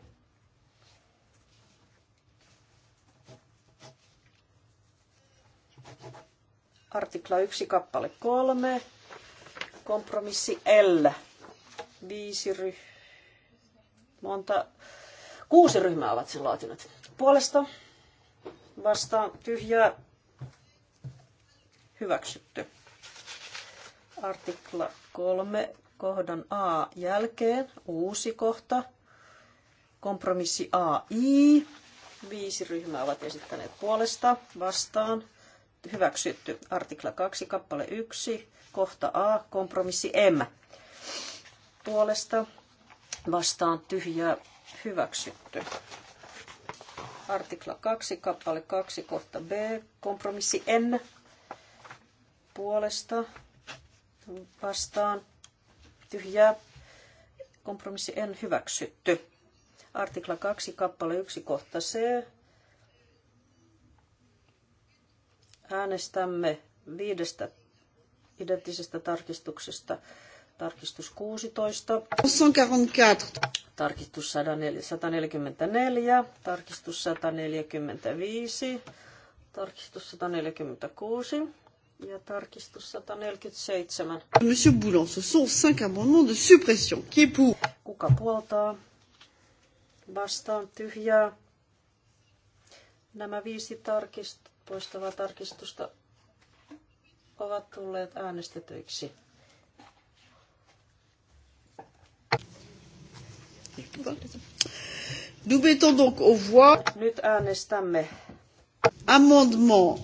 Artikla 1, kappale 3. Kompromissi L. Viisi ryhmää. Monta... Kuusi ryhmää ovat sen laatineet. Puolesta vastaan tyhjää hyväksytty. Artikla 3 kohdan A jälkeen uusi kohta. Kompromissi AI. Viisi ryhmää ovat esittäneet puolesta vastaan. Hyväksytty artikla 2, kappale 1, kohta A, kompromissi M. Puolesta vastaan tyhjää hyväksytty artikla 2, kappale 2, kohta B, kompromissi N puolesta vastaan tyhjää, kompromissi N hyväksytty. Artikla 2, kappale 1, kohta C. Äänestämme viidestä identtisestä tarkistuksesta Tarkistus 16. 144. Tarkistus 144. Tarkistus 145. Tarkistus 146 ja tarkistus 147. Monsieur Boulan, ce sont cinq amendements de suppression. Qui est pour? Kuka puoltaa? Vastaan tyhjää. Nämä viisi tarkist, poistavaa tarkistusta ovat tulleet äänestetyiksi. Nous mettons donc aux voix. Amendement.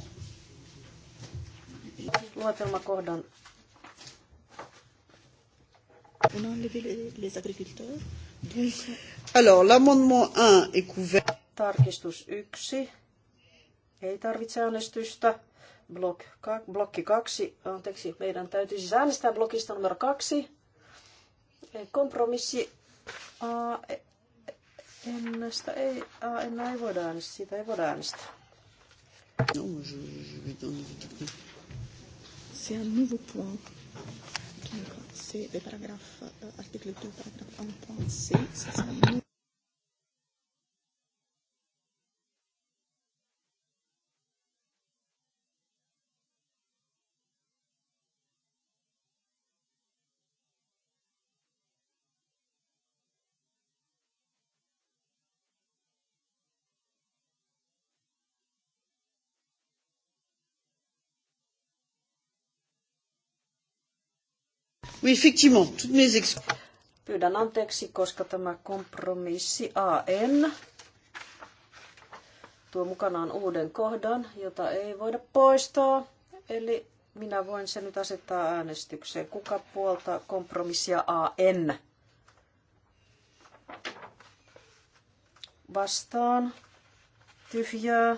On a enlevé les, les agriculteurs. Donc... Alors, l'amendement 1 est couvert. Tarkistus 1. Ei tarvitse äänestystä. Blok, ka, blokki 2. Anteeksi, meidän täytyisi siis äänestää blokista numero 2. Kompromissi A, ennästä ei, a, enää ei voida äänestää, siitä ei voida äänestää. No, je, je vais donner quelques... C'est un nouveau point. Donc, c'est le paragraphe, euh, article 2, paragraphe 1.c, c'est un nouveau Oui, effectivement, toutes mes Pyydän anteeksi, koska tämä kompromissi AN tuo mukanaan uuden kohdan, jota ei voida poistaa. Eli minä voin sen nyt asettaa äänestykseen. Kuka puolta kompromissia AN? Vastaan. Tyhjää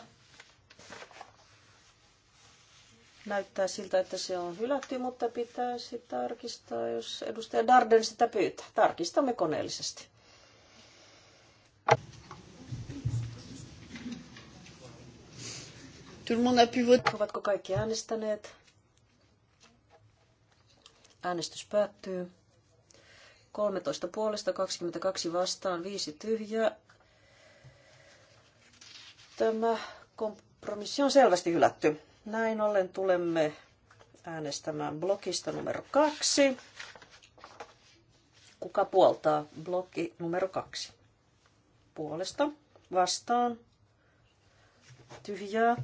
Näyttää siltä, että se on hylätty, mutta pitäisi tarkistaa, jos edustaja Darden sitä pyytää. Tarkistamme koneellisesti. Ovatko kaikki äänestäneet? Äänestys päättyy. 13 puolesta, 22 vastaan, 5 tyhjää. Tämä kompromissi on selvästi hylätty. Näin ollen tulemme äänestämään blokista numero kaksi. Kuka puoltaa blokki numero kaksi? Puolesta, vastaan, tyhjää.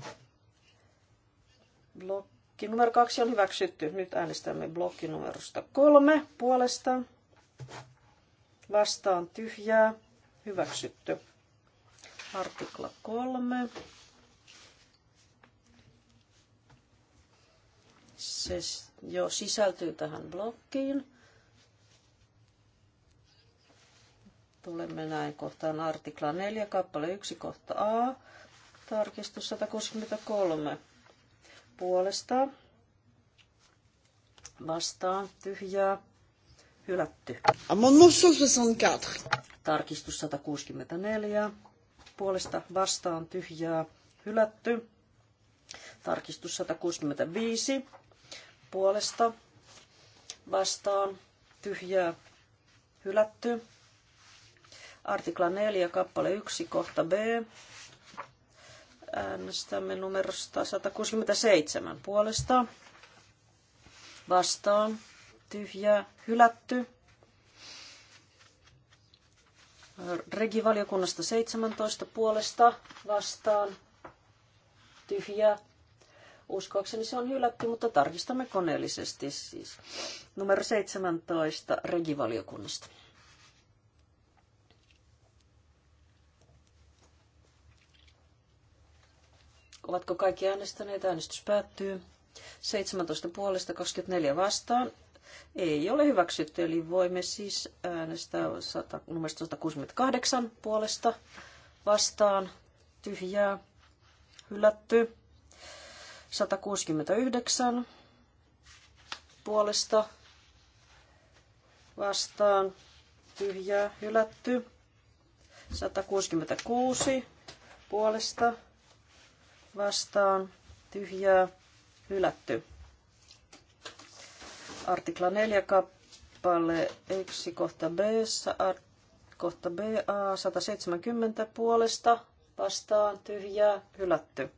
Blokki numero kaksi on hyväksytty. Nyt äänestämme blokki numerosta kolme puolesta. Vastaan tyhjää. Hyväksytty. Artikla kolme se jo sisältyy tähän blokkiin. Tulemme näin kohtaan artikla 4, kappale 1, kohta A, tarkistus 163 puolesta vastaan tyhjää hylätty. Amendement 164. Tarkistus 164. Puolesta vastaan tyhjää hylätty. Tarkistus 165 puolesta vastaan tyhjää hylätty. Artikla 4, kappale 1, kohta B. Äänestämme numerosta 167 puolesta. Vastaan. Tyhjää. Hylätty. Regivaliokunnasta 17 puolesta. Vastaan. Tyhjää. Uskoakseni se on hylätty, mutta tarkistamme koneellisesti siis. Numero 17 regivaliokunnasta. Ovatko kaikki äänestäneet? Äänestys päättyy. 17 puolesta 24 vastaan. Ei ole hyväksytty, eli voimme siis äänestää 100, numero 168 puolesta vastaan. Tyhjää. Hylätty. 169 puolesta vastaan tyhjää hylätty. 166 puolesta vastaan tyhjää hylätty. Artikla 4 kappale 1 kohta B, kohta BA 170 puolesta vastaan tyhjää hylätty.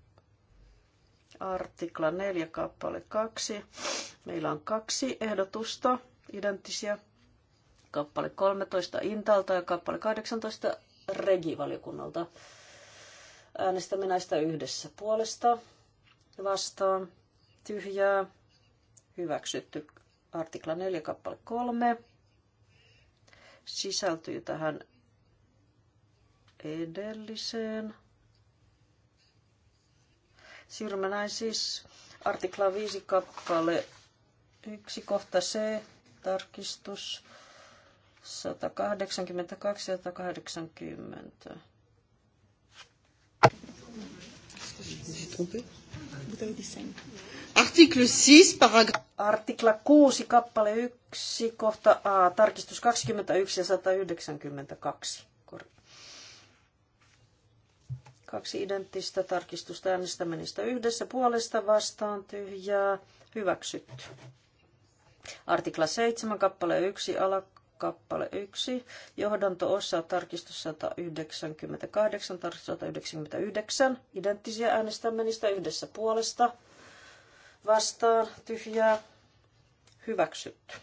Artikla 4, kappale 2. Meillä on kaksi ehdotusta, identtisiä. Kappale 13 Intalta ja kappale 18 Regivaliokunnalta. Äänestämme näistä yhdessä puolesta vastaan. Tyhjää. Hyväksytty. Artikla 4, kappale 3 sisältyy tähän edelliseen Siirrymme näin siis artikla 5 kappale 1 kohta C, tarkistus 182 180. Artikla 6, paragraf... Artikla 6, kappale 1, kohta A, tarkistus 21 ja 192. Kaksi identtistä tarkistusta äänestämme niistä yhdessä puolesta vastaan tyhjää hyväksytty. Artikla 7, kappale 1, alakappale 1, johdanto-osa, tarkistus 198, tarkistus 199, identtisiä äänestämme niistä yhdessä puolesta, vastaan, tyhjää, hyväksytty.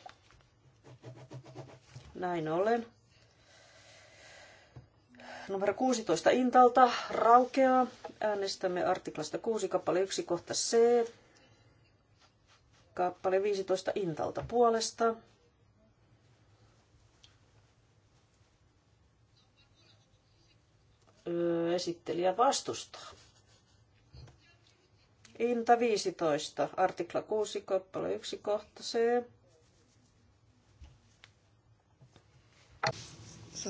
Näin ollen numero 16 Intalta raukeaa. Äänestämme artiklasta 6, kappale 1, kohta C. Kappale 15 Intalta puolesta. Öö, esittelijä vastustaa. Inta 15, artikla 6, kappale 1, kohta C.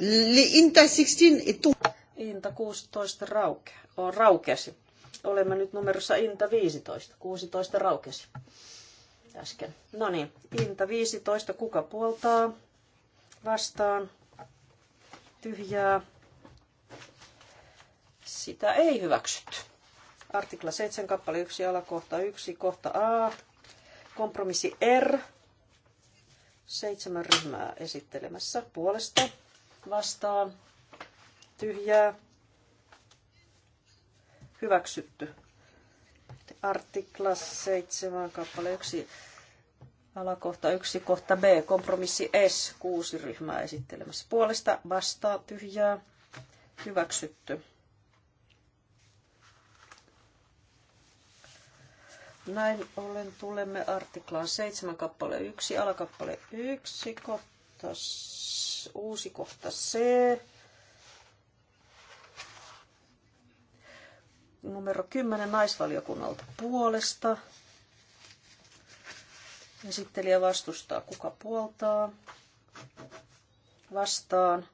Inta 16 Inta 16 rauke, on raukesi. Olemme nyt numerossa Inta 15. 16 raukesi äsken. No niin, Inta 15. Kuka puoltaa? Vastaan. Tyhjää. Sitä ei hyväksytty. Artikla 7, kappale 1, alakohta 1, kohta A. Kompromissi R seitsemän ryhmää esittelemässä puolesta vastaan tyhjää hyväksytty. Artikla 7, kappale 1, alakohta 1, kohta B, kompromissi S, kuusi ryhmää esittelemässä. Puolesta vastaa tyhjää, hyväksytty. Näin ollen tulemme artiklaan 7, kappale 1, alakappale 1, kohta uusi kohta C. Numero 10 naisvaliokunnalta puolesta. Esittelijä vastustaa, kuka puoltaa. Vastaan.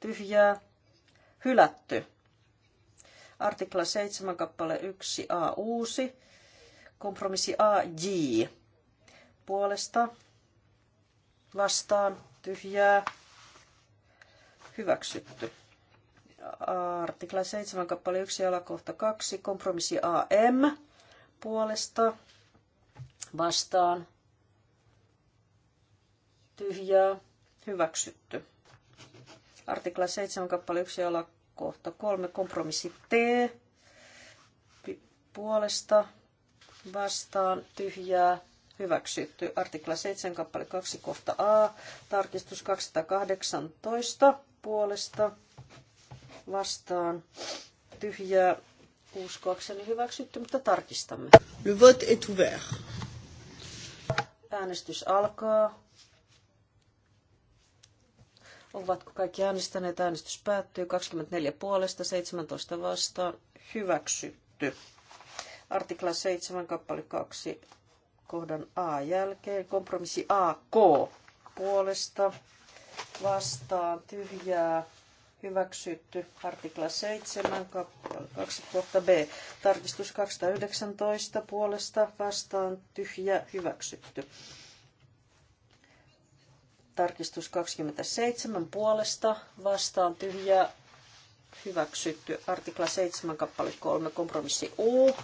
Tyhjää. Hylätty. Artikla 7 kappale 1a uusi. Kompromissi A J. Puolesta. Vastaan. Tyhjää hyväksytty. Artikla 7, kappale 1, alakohta 2, kompromissi AM puolesta vastaan tyhjää hyväksytty. Artikla 7, kappale 1, alakohta 3, kompromissi T puolesta vastaan tyhjää hyväksytty. Artikla 7, kappale 2, kohta A, tarkistus 218 puolesta vastaan tyhjää uskoakseni hyväksytty, mutta tarkistamme. Le vote est ouvert. Äänestys alkaa. Ovatko kaikki äänestäneet? Äänestys päättyy. 24 puolesta, 17 vastaan. Hyväksytty. Artikla 7, kappale 2, kohdan A jälkeen. Kompromissi AK puolesta vastaan tyhjää hyväksytty. Artikla 7, kohta B. Tarkistus 219 puolesta vastaan tyhjä hyväksytty. Tarkistus 27 puolesta vastaan tyhjä hyväksytty. Artikla 7 kappale 3 kompromissi U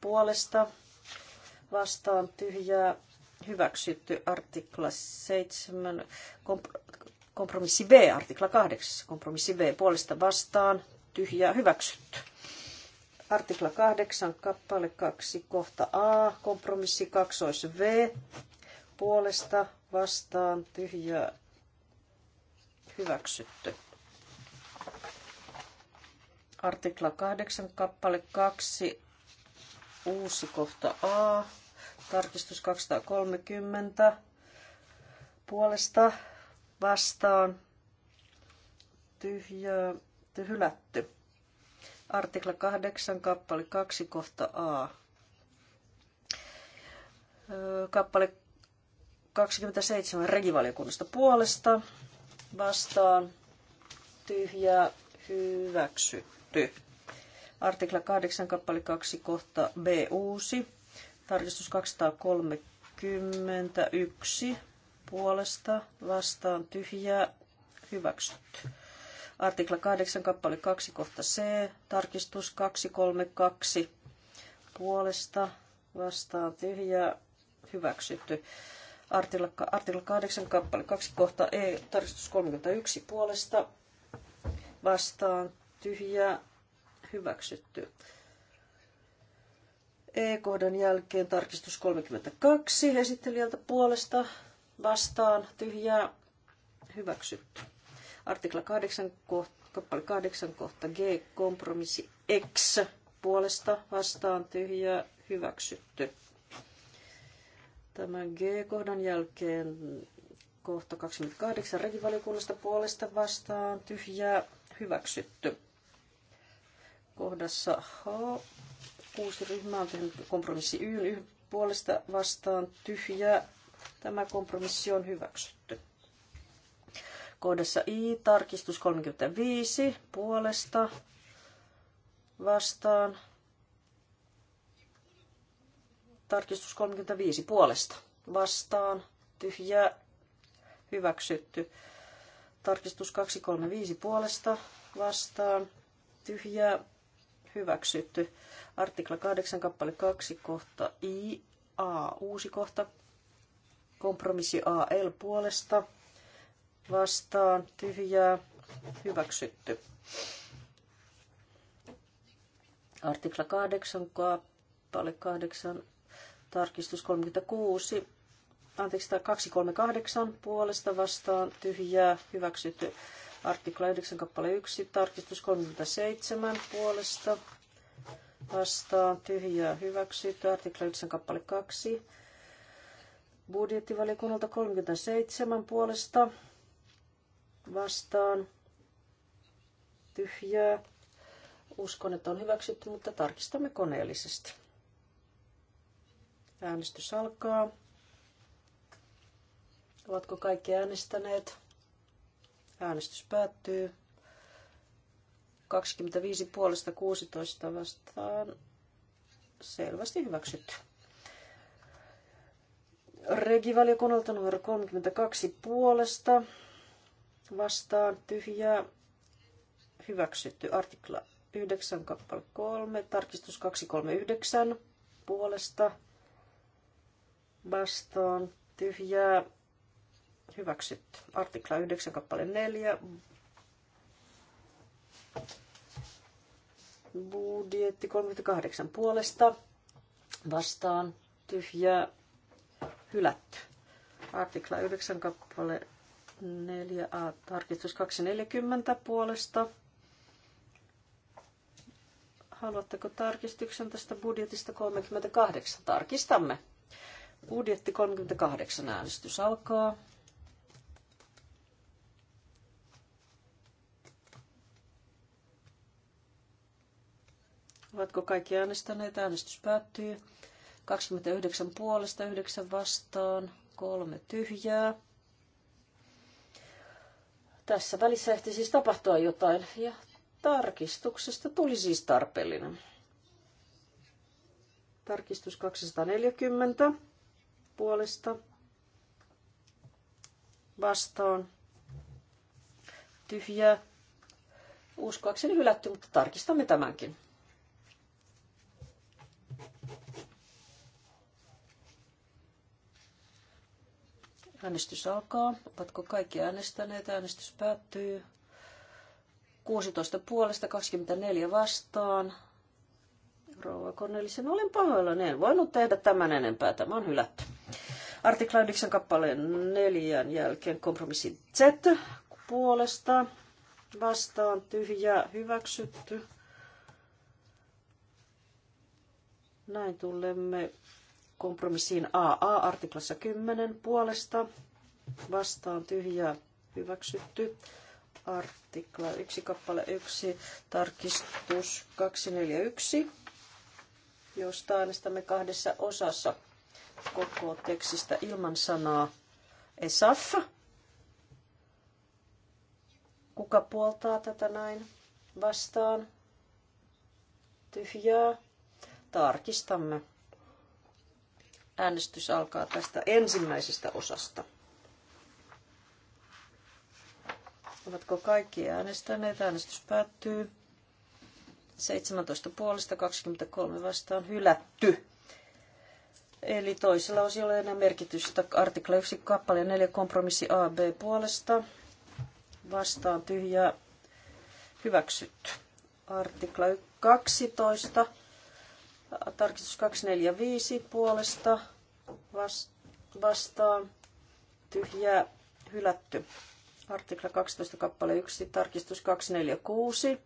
puolesta vastaan tyhjää hyväksytty artikla 7, kompromissi B, artikla 8, kompromissi B puolesta vastaan, tyhjää hyväksytty. Artikla 8, kappale 2, kohta A, kompromissi 2, V, puolesta vastaan, tyhjää hyväksytty. Artikla 8, kappale 2, uusi kohta A, Tarkistus 230 puolesta vastaan tyhjää, hylätty. Artikla 8, kappale 2, kohta A. Kappale 27 regivaliokunnasta puolesta vastaan tyhjää hyväksytty. Artikla 8, kappale 2, kohta B uusi. Tarkistus 231 puolesta vastaan tyhjää hyväksytty. Artikla 8 kappale 2 kohta C, tarkistus 232 puolesta vastaan tyhjää hyväksytty. Artikla, artikla 8 kappale 2 kohta E, tarkistus 31 puolesta vastaan tyhjää hyväksytty. E-kohdan jälkeen tarkistus 32 esittelijältä puolesta vastaan tyhjää hyväksytty. Artikla 8, kappale 8, kohta G, kompromissi X puolesta vastaan tyhjää hyväksytty. Tämän G-kohdan jälkeen kohta 28 regivaliokunnasta puolesta vastaan tyhjää hyväksytty. Kohdassa H Kuusi ryhmää on tehnyt kompromissi Yn puolesta vastaan tyhjää. Tämä kompromissi on hyväksytty. Kohdassa I, tarkistus 35, puolesta vastaan. Tarkistus 35, puolesta vastaan, tyhjää, hyväksytty. Tarkistus 235, puolesta vastaan, tyhjää, hyväksytty. Artikla 8, kappale 2, kohta I, A, uusi kohta. Kompromissi AL puolesta. Vastaan tyhjää. Hyväksytty. Artikla 8, kappale 8, tarkistus 36, anteeksi, 238 puolesta vastaan tyhjää, hyväksytty. Artikla 9, kappale 1, tarkistus 37 puolesta vastaan tyhjää hyväksytty. Artikla 9 kappale 2. Budjettivaliokunnalta 37 puolesta vastaan tyhjää. Uskon, että on hyväksytty, mutta tarkistamme koneellisesti. Äänestys alkaa. Ovatko kaikki äänestäneet? Äänestys päättyy. 25 puolesta 16 vastaan selvästi hyväksytty. Regivaliokunnalta numero 32 puolesta vastaan tyhjää hyväksytty. Artikla 9 kappale 3, tarkistus 239 puolesta vastaan tyhjää hyväksytty. Artikla 9 kappale 4 Budjetti 38 puolesta. Vastaan. Tyhjää. Hylätty. Artikla 9 kappale 4a. Tarkistus 240 puolesta. Haluatteko tarkistuksen tästä budjetista 38? Tarkistamme. Budjetti 38 äänestys alkaa. Ovatko kaikki äänestäneet? Äänestys päättyy. 29 puolesta, 9 vastaan, kolme tyhjää. Tässä välissä ehti siis tapahtua jotain ja tarkistuksesta tuli siis tarpeellinen. Tarkistus 240 puolesta vastaan tyhjää. Uskoakseni hylätty, mutta tarkistamme tämänkin. Äänestys alkaa. Ovatko kaikki äänestäneet? Äänestys päättyy. 16 puolesta 24 vastaan. Rouva Cornelisen, olen pahoillani. En voinut tehdä tämän enempää. Tämä on hylätty. Artikla 9 kappaleen neljän jälkeen kompromissi Z puolesta vastaan tyhjä hyväksytty. Näin tulemme kompromissiin AA artiklassa 10 puolesta vastaan tyhjää hyväksytty. Artikla 1 kappale 1 tarkistus 241, josta äänestämme kahdessa osassa koko tekstistä ilman sanaa esaf. Kuka puoltaa tätä näin vastaan? Tyhjää. Tarkistamme. Äänestys alkaa tästä ensimmäisestä osasta. Ovatko kaikki äänestäneet? Äänestys päättyy. 17 puolesta 23 vastaan hylätty. Eli toisella osiolla ei enää merkitystä. Artikla 1, kappale 4, kompromissi AB puolesta. Vastaan tyhjää hyväksytty. Artikla 12, Tarkistus 245 puolesta vastaan. Tyhjää hylätty. Artikla 12 kappale 1. Tarkistus 246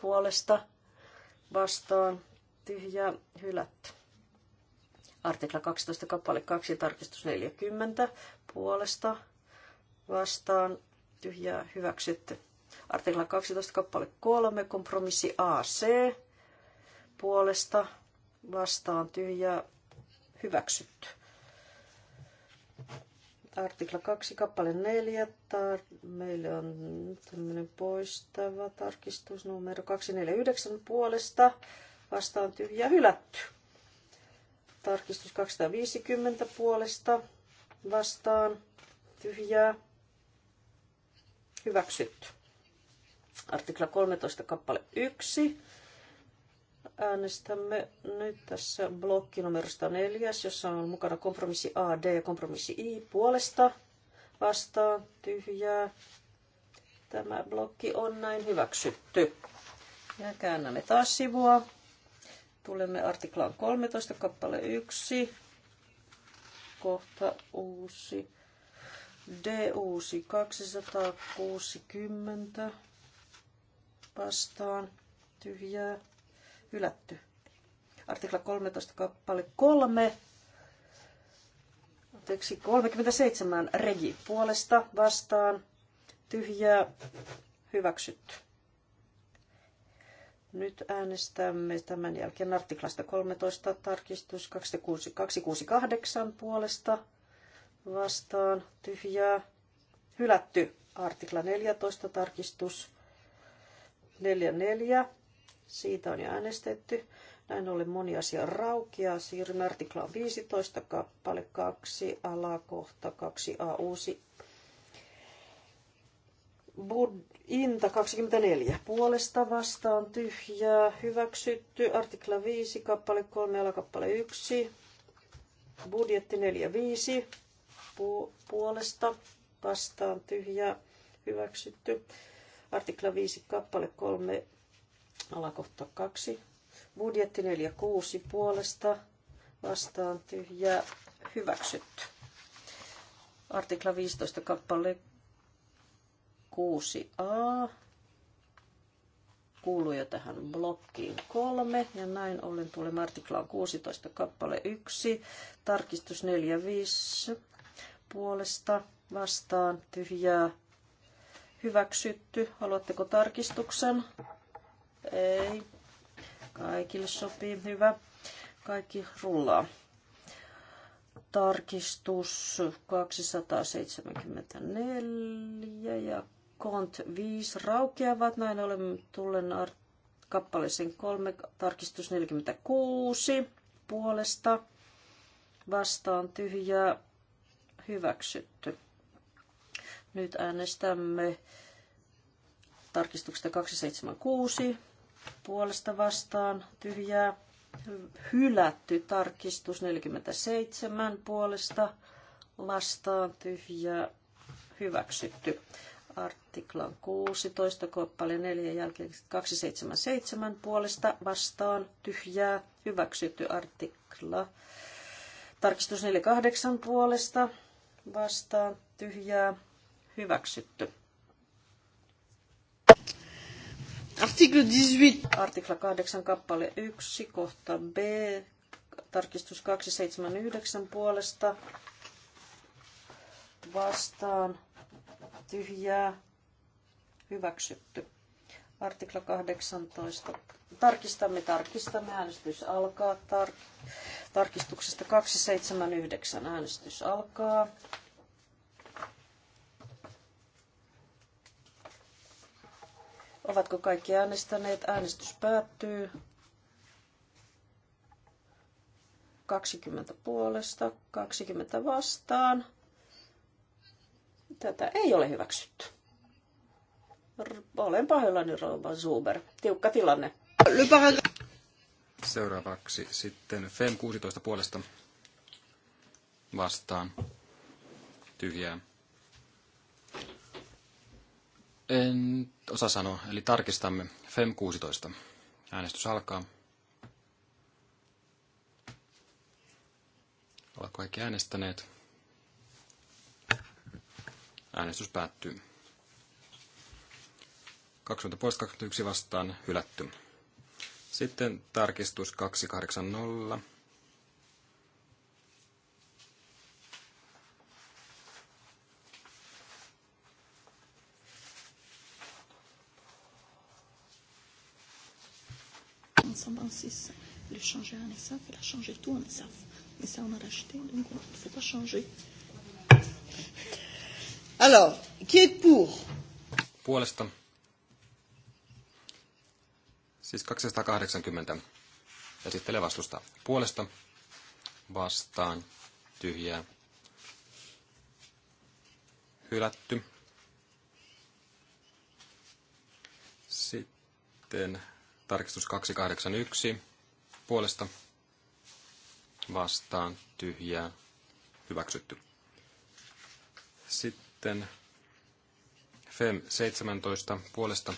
puolesta vastaan. Tyhjää hylätty. Artikla 12 kappale 2. Tarkistus 40 puolesta vastaan. Tyhjää hyväksytty. Artikla 12 kappale 3. Kompromissi AC puolesta vastaan tyhjää hyväksytty. Artikla 2, kappale 4. Tar- meille on tämmöinen poistava tarkistus numero 249 puolesta. Vastaan tyhjä hylätty. Tarkistus 250 puolesta. Vastaan tyhjää hyväksytty. Artikla 13, kappale 1 Äänestämme nyt tässä blokki numerosta neljäs, jossa on mukana kompromissi AD ja kompromissi I puolesta. Vastaan tyhjää. Tämä blokki on näin hyväksytty. Ja käännämme taas sivua. Tulemme artiklaan 13, kappale 1. Kohta uusi. D uusi 260 vastaan tyhjää hylätty. Artikla 13 kappale 3. Anteeksi, 37 regi puolesta vastaan tyhjää hyväksytty. Nyt äänestämme tämän jälkeen artiklasta 13 tarkistus 26, 268 puolesta vastaan tyhjää hylätty. Artikla 14 tarkistus 44 siitä on jo äänestetty. Näin ollen moni asia raukia. Siirrymme artiklaan 15, kappale 2, alakohta 2a, uusi Bud, Inta 24. Puolesta vastaan tyhjää. Hyväksytty. Artikla 5, kappale 3, alakappale 1. Budjetti 45. Pu- puolesta vastaan tyhjää. Hyväksytty. Artikla 5, kappale 3, Alakohta 2. Budjetti 46 puolesta vastaan tyhjää hyväksytty. Artikla 15 kappale 6a kuuluu jo tähän blokkiin kolme ja näin ollen tulemme artiklaan 16 kappale 1, tarkistus 45 puolesta vastaan tyhjää hyväksytty. Haluatteko tarkistuksen? Ei. Kaikille sopii. Hyvä. Kaikki rullaa. Tarkistus 274 ja kont 5 raukeavat. Näin olemme tullen kappaleeseen 3, tarkistus 46 puolesta. Vastaan tyhjää hyväksytty. Nyt äänestämme tarkistuksesta 276 puolesta vastaan tyhjää hylätty. Tarkistus 47 puolesta vastaan tyhjää hyväksytty. Artiklan 16, kappale 4 jälkeen 277 puolesta vastaan tyhjää hyväksytty artikla. Tarkistus 48 puolesta vastaan tyhjää hyväksytty. Artikla 18. Artikla 8 kappale 1 kohta B. Tarkistus 279 puolesta. Vastaan. Tyhjää. Hyväksytty. Artikla 18. Tarkistamme, tarkistamme. Äänestys alkaa. Tar- tarkistuksesta 279 äänestys alkaa. Ovatko kaikki äänestäneet? Äänestys päättyy. 20 puolesta, 20 vastaan. Tätä ei ole hyväksytty. Olen pahoillani, Rouva Zuber. Tiukka tilanne. Seuraavaksi sitten FEM 16 puolesta vastaan. Tyhjää. En osaa sanoa, eli tarkistamme. FEM 16. Äänestys alkaa. Ovatko kaikki äänestäneet? Äänestys päättyy. 20 poista 21 vastaan hylätty. Sitten tarkistus 280 changer un essaf, elle a changé tout un essaf. Mais ça, on a racheté, donc il ne faut pas changer. Alors, qui est pour? Puolesta. Siis 280 esittelee vastusta. Puolesta vastaan tyhjää. Hylätty. Sitten tarkistus 281 puolesta vastaan tyhjää hyväksytty. Sitten FEM 17 puolesta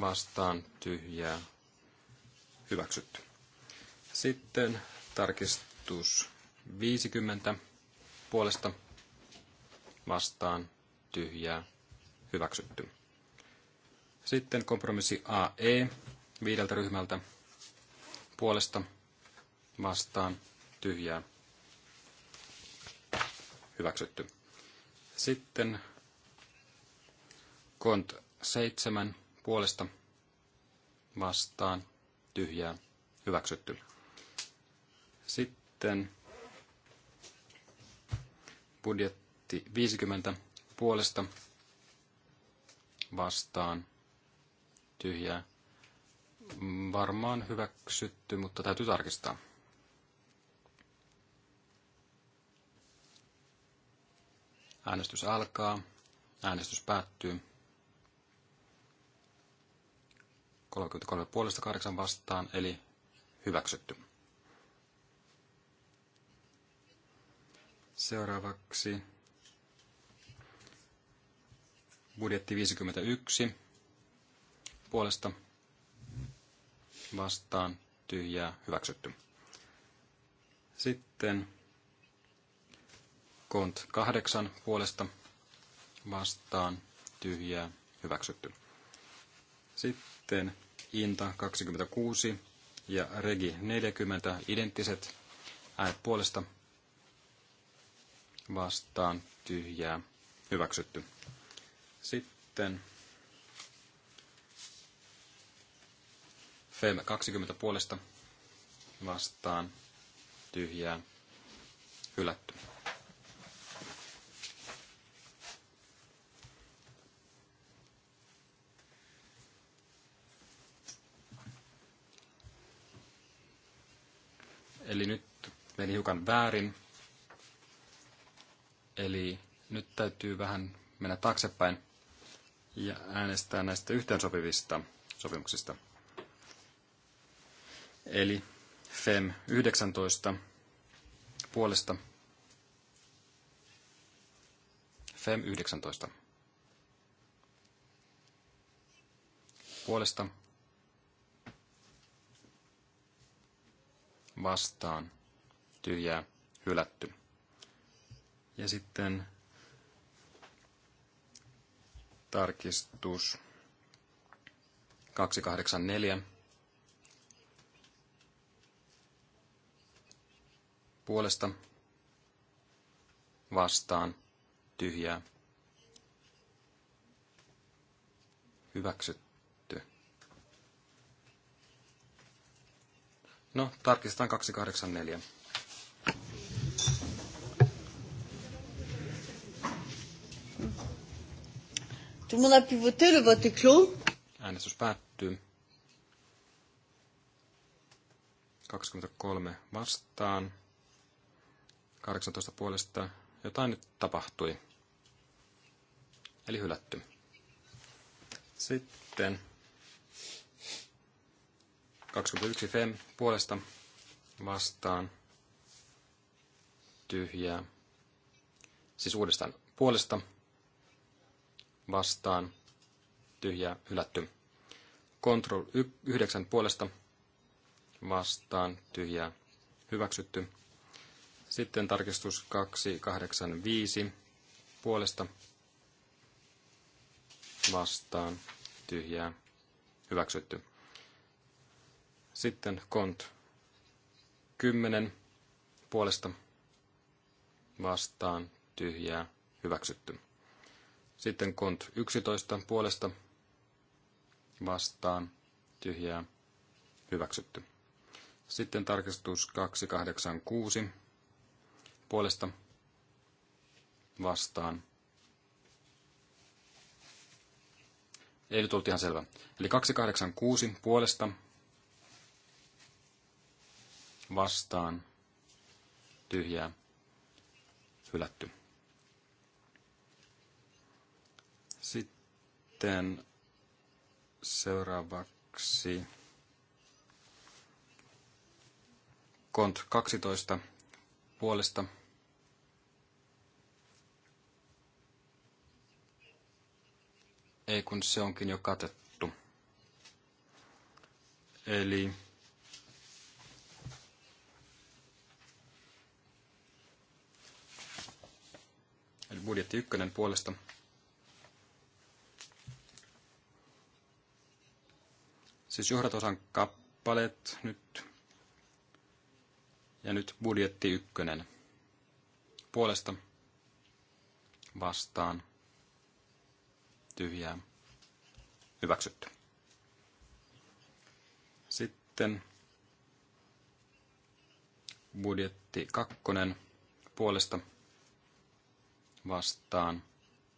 vastaan tyhjää hyväksytty. Sitten tarkistus 50 puolesta vastaan tyhjää hyväksytty. Sitten kompromissi AE viideltä ryhmältä puolesta vastaan tyhjää hyväksytty. Sitten kont 7 puolesta vastaan tyhjää hyväksytty. Sitten budjetti 50 puolesta vastaan tyhjää varmaan hyväksytty, mutta täytyy tarkistaa. Äänestys alkaa. Äänestys päättyy. 33 puolesta 8 vastaan, eli hyväksytty. Seuraavaksi budjetti 51 puolesta vastaan tyhjää hyväksytty. Sitten kont 8 puolesta vastaan tyhjää hyväksytty. Sitten Inta 26 ja Regi 40 identtiset äänet puolesta vastaan tyhjää hyväksytty. Sitten FEM 20 puolesta vastaan tyhjään hylätty. Eli nyt meni hiukan väärin. Eli nyt täytyy vähän mennä taaksepäin ja äänestää näistä yhteensopivista sopimuksista. Eli FEM 19 puolesta. FEM 19 puolesta. Vastaan. Tyhjää. Hylätty. Ja sitten tarkistus 284 puolesta vastaan tyhjää hyväksytty. No, tarkistetaan 284. Tout le monde a pu voter, le vote est clos. Äänestys päättyy. 23 vastaan, 18 puolesta jotain nyt tapahtui. Eli hylätty. Sitten 21 Fem puolesta vastaan tyhjää. Siis uudestaan puolesta vastaan tyhjää hylätty. Control 9 puolesta vastaan tyhjää hyväksytty. Sitten tarkistus 285 puolesta vastaan tyhjää hyväksytty. Sitten kont 10 puolesta vastaan tyhjää hyväksytty. Sitten kont 11 puolesta vastaan tyhjää hyväksytty. Sitten tarkistus 286 puolesta vastaan. Ei nyt ollut ihan selvä. Eli 286 puolesta vastaan tyhjää hylätty. Sitten seuraavaksi kont 12 puolesta ei kun se onkin jo katettu. Eli Eli budjetti ykkönen puolesta. Siis johdatosan kappaleet nyt ja nyt budjetti ykkönen. Puolesta vastaan tyhjää hyväksytty. Sitten budjetti kakkonen puolesta vastaan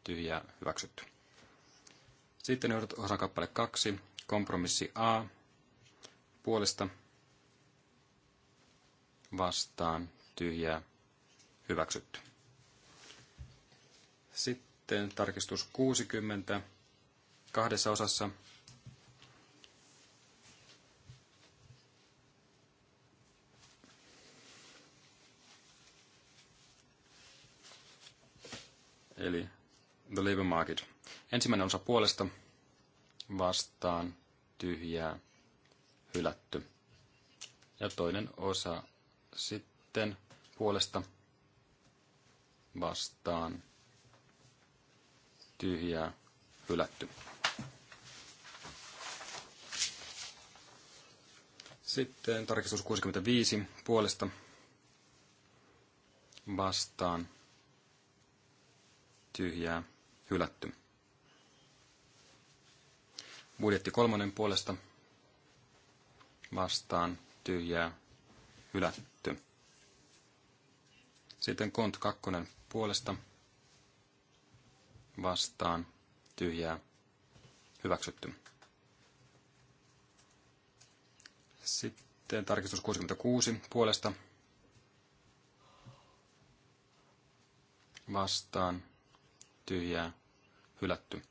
tyhjää hyväksytty. Sitten osan kappale 2, kompromissi A puolesta vastaan tyhjää hyväksytty. Sitten tarkistus 60 kahdessa osassa. Eli The Labor Market. Ensimmäinen osa puolesta vastaan tyhjää hylätty. Ja toinen osa sitten puolesta vastaan tyhjää hylätty. Sitten tarkistus 65 puolesta vastaan tyhjää hylätty. Budjetti kolmonen puolesta vastaan tyhjää hylätty. Sitten kont kakkonen puolesta vastaan tyhjää hyväksytty. Sitten tarkistus 66 puolesta vastaan tyhjää hylätty.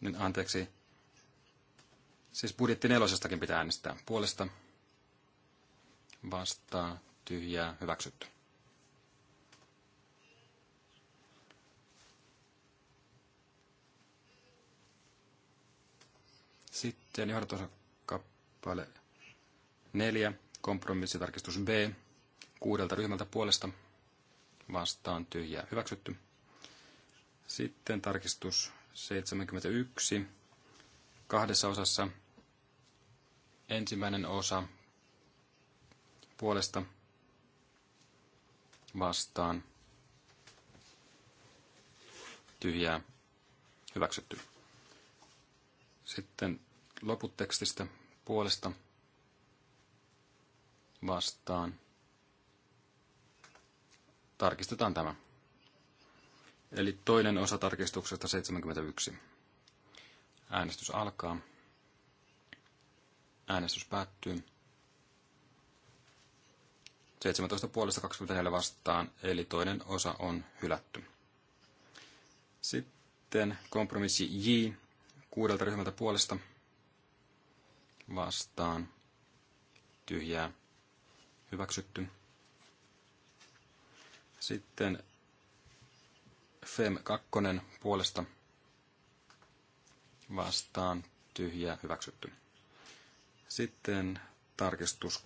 Nyt anteeksi, Siis budjetti nelosestakin pitää äänestää puolesta. Vastaa tyhjää hyväksytty. Sitten johdatuskappale 4, kompromissitarkistus B, kuudelta ryhmältä puolesta vastaan tyhjää hyväksytty. Sitten tarkistus 71, kahdessa osassa Ensimmäinen osa puolesta vastaan tyhjää hyväksytty. Sitten loput tekstistä puolesta vastaan. Tarkistetaan tämä. Eli toinen osa tarkistuksesta 71. Äänestys alkaa. Äänestys päättyy. 17 puolesta 24 vastaan, eli toinen osa on hylätty. Sitten kompromissi J kuudelta ryhmältä puolesta vastaan tyhjää hyväksytty. Sitten FEM 2 puolesta vastaan tyhjää hyväksytty. Sitten tarkistus.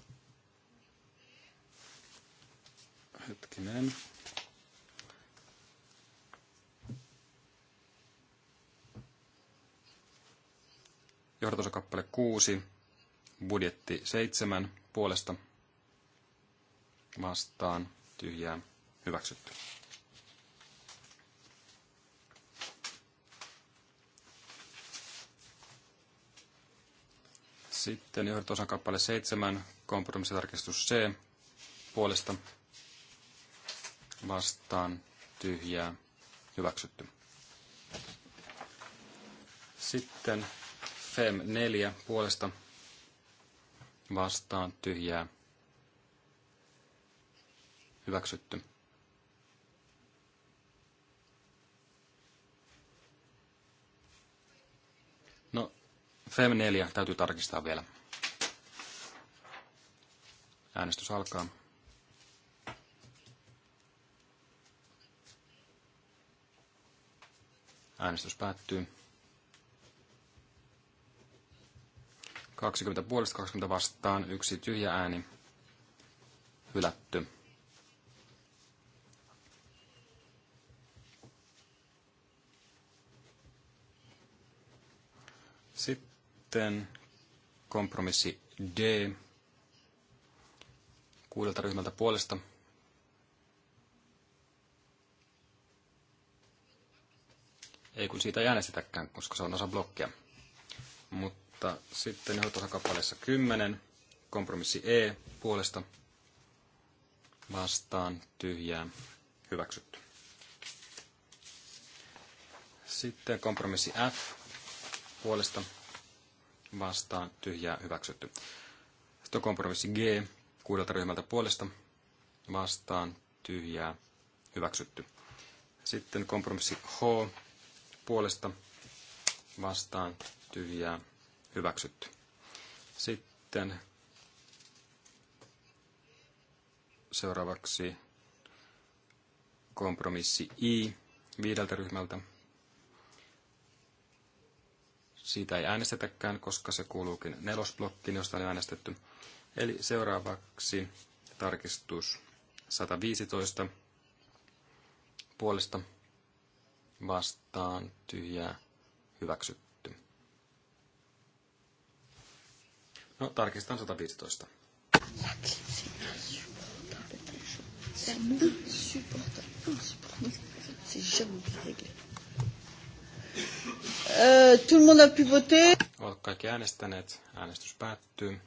Hetkinen. Johdatusokappale 6, budjetti 7 puolesta vastaan tyhjää hyväksytty. Sitten johdotosan kappale 7, kompromissitarkistus C, puolesta vastaan tyhjää hyväksytty. Sitten FEM 4 puolesta vastaan tyhjää hyväksytty. FEM 4 täytyy tarkistaa vielä. Äänestys alkaa. Äänestys päättyy. 20 puolesta 20 vastaan, yksi tyhjä ääni, hylätty. Sitten kompromissi D kuudelta ryhmältä puolesta. Ei kun siitä ei äänestetäkään, koska se on osa blokkia. Mutta sitten kappaleessa 10, kompromissi E puolesta vastaan tyhjää hyväksytty. Sitten kompromissi F puolesta vastaan tyhjää hyväksytty. Sitten on kompromissi G kuudelta ryhmältä puolesta vastaan tyhjää hyväksytty. Sitten kompromissi H puolesta vastaan tyhjää hyväksytty. Sitten seuraavaksi kompromissi I viideltä ryhmältä siitä ei äänestetäkään, koska se kuuluukin nelosblokkiin, josta on äänestetty. Eli seuraavaksi tarkistus 115 puolesta vastaan tyhjää hyväksytty. No, tarkistan 115. C'est insupportable, C'est jamais réglé. Euh, tout le monde a pu voter. Olet kaikki äänestäneet. Äänestys päättyy.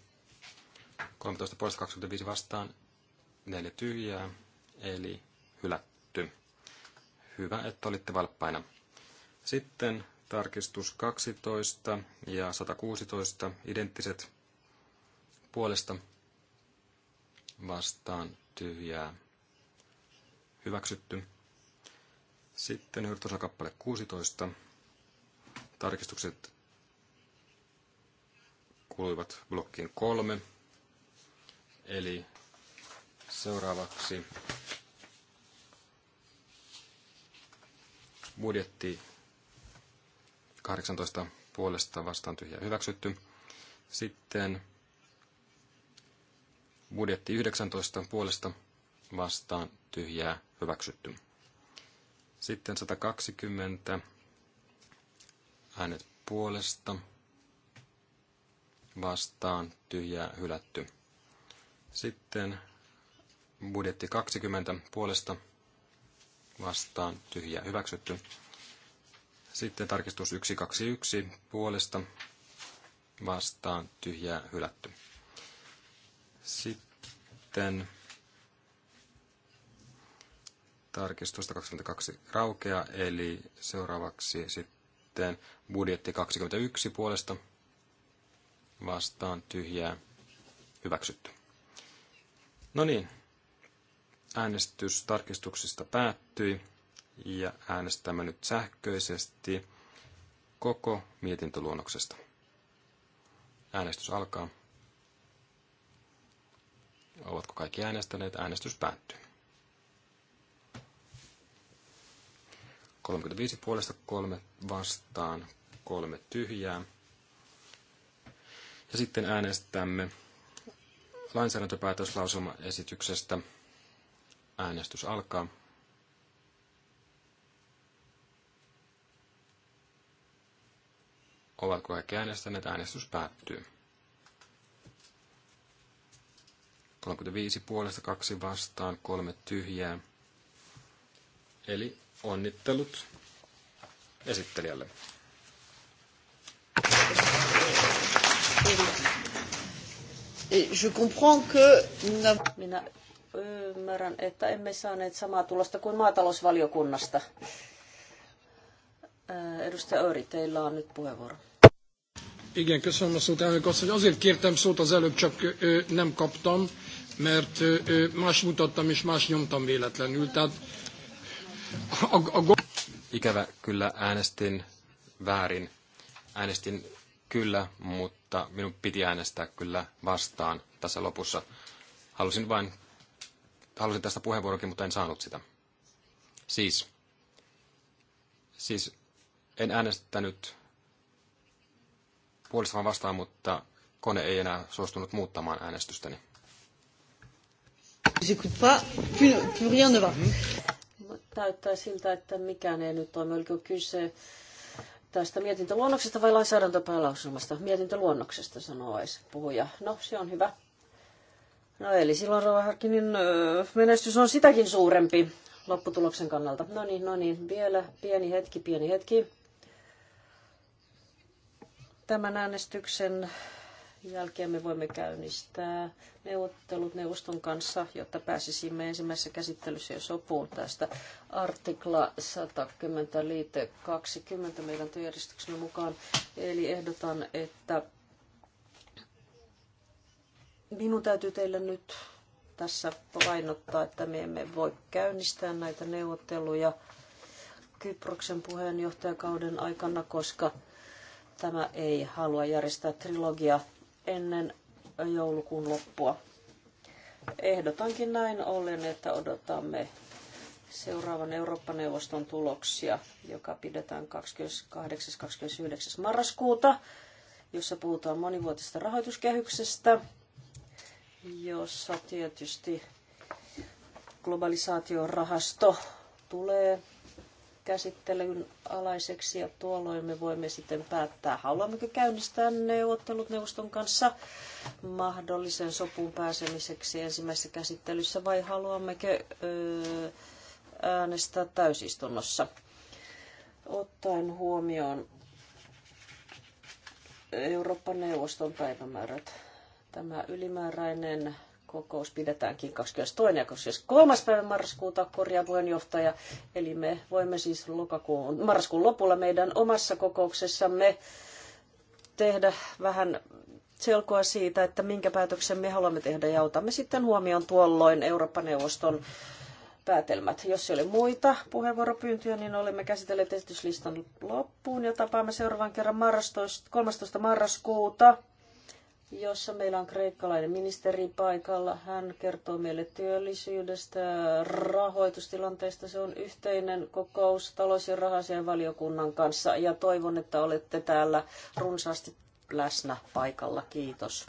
13 puolesta 25 vastaan. 4 tyhjää. Eli hylätty. Hyvä, että olitte valppaina. Sitten tarkistus 12 ja 116 identtiset puolesta vastaan tyhjää hyväksytty. Sitten yritysosakappale 16 Tarkistukset kuuluivat blokkiin kolme. Eli seuraavaksi budjetti 18 puolesta vastaan tyhjä hyväksytty. Sitten budjetti 19 puolesta vastaan tyhjää hyväksytty. Sitten 120 hänet puolesta vastaan tyhjää hylätty. Sitten budjetti 20 puolesta vastaan tyhjää hyväksytty. Sitten tarkistus 121 puolesta vastaan tyhjää hylätty. Sitten tarkistusta 22 raukea, eli seuraavaksi sitten sitten budjetti 21 puolesta vastaan tyhjää hyväksytty. No niin, äänestys tarkistuksista päättyi ja äänestämme nyt sähköisesti koko mietintöluonnoksesta. Äänestys alkaa. Ovatko kaikki äänestäneet? Äänestys päättyy. 35 puolesta kolme vastaan, kolme tyhjää. Ja sitten äänestämme esityksestä Äänestys alkaa. Ovatko kaikki äänestäneet? Äänestys päättyy. 35 puolesta, kaksi vastaan, kolme tyhjää. Eli Onnittelut esittelijälle. Je comprends que Minä ymmärrän, että emme saaneet samaa tulosta kuin maatalousvaliokunnasta. Edustaja Öri, teillä on nyt puheenvuoro. Igen, köszönöm a szót, elnök asszony. Azért kértem szót az előbb, csak ö, nem kaptam, mert ö, más mutattam és más nyomtam véletlenül. Tehát Ikävä kyllä äänestin väärin. Äänestin kyllä, mutta minun piti äänestää kyllä vastaan tässä lopussa. Halusin vain, halusin tästä puheenvuorokin, mutta en saanut sitä. Siis, siis en äänestänyt puolesta vastaan, mutta kone ei enää suostunut muuttamaan äänestystäni. J'écoute pas, plus, plus rien ne va. Mhm näyttää siltä, että mikään ei nyt toimi. Oliko kyse tästä mietintöluonnoksesta vai lainsäädäntöpäälausumasta? Mietintöluonnoksesta sanoisi puhuja. No, se on hyvä. No eli silloin Rova Harkinin menestys on sitäkin suurempi lopputuloksen kannalta. No niin, no niin, vielä pieni hetki, pieni hetki. Tämän äänestyksen jälkeen me voimme käynnistää neuvottelut neuvoston kanssa, jotta pääsisimme ensimmäisessä käsittelyssä jo sopuun tästä artikla 110 liite 20 meidän työjärjestyksemme mukaan. Eli ehdotan, että minun täytyy teille nyt tässä painottaa, että me emme voi käynnistää näitä neuvotteluja Kyproksen puheenjohtajakauden aikana, koska tämä ei halua järjestää trilogia ennen joulukuun loppua. Ehdotankin näin ollen, että odotamme seuraavan Eurooppa-neuvoston tuloksia, joka pidetään 28.–29. marraskuuta, jossa puhutaan monivuotisesta rahoituskehyksestä, jossa tietysti globalisaatiorahasto tulee käsittelyn alaiseksi ja tuolloin me voimme sitten päättää, haluammeko käynnistää neuvottelut neuvoston kanssa mahdollisen sopuun pääsemiseksi ensimmäisessä käsittelyssä vai haluammeko öö, äänestää täysistunnossa. Ottaen huomioon Euroopan neuvoston päivämäärät. Tämä ylimääräinen kokous pidetäänkin 22. ja 23. päivä marraskuuta korjaa puheenjohtaja. Eli me voimme siis lokakuun, marraskuun lopulla meidän omassa kokouksessamme tehdä vähän selkoa siitä, että minkä päätöksen me haluamme tehdä ja otamme sitten huomioon tuolloin Eurooppa-neuvoston päätelmät. Jos ei ole muita puheenvuoropyyntöjä, niin olemme käsitelleet esityslistan loppuun ja tapaamme seuraavan kerran marrastoista, 13. marraskuuta jossa meillä on kreikkalainen ministeri paikalla. Hän kertoo meille työllisyydestä, rahoitustilanteesta. Se on yhteinen kokous talous- ja rahasian valiokunnan kanssa ja toivon, että olette täällä runsaasti läsnä paikalla. Kiitos.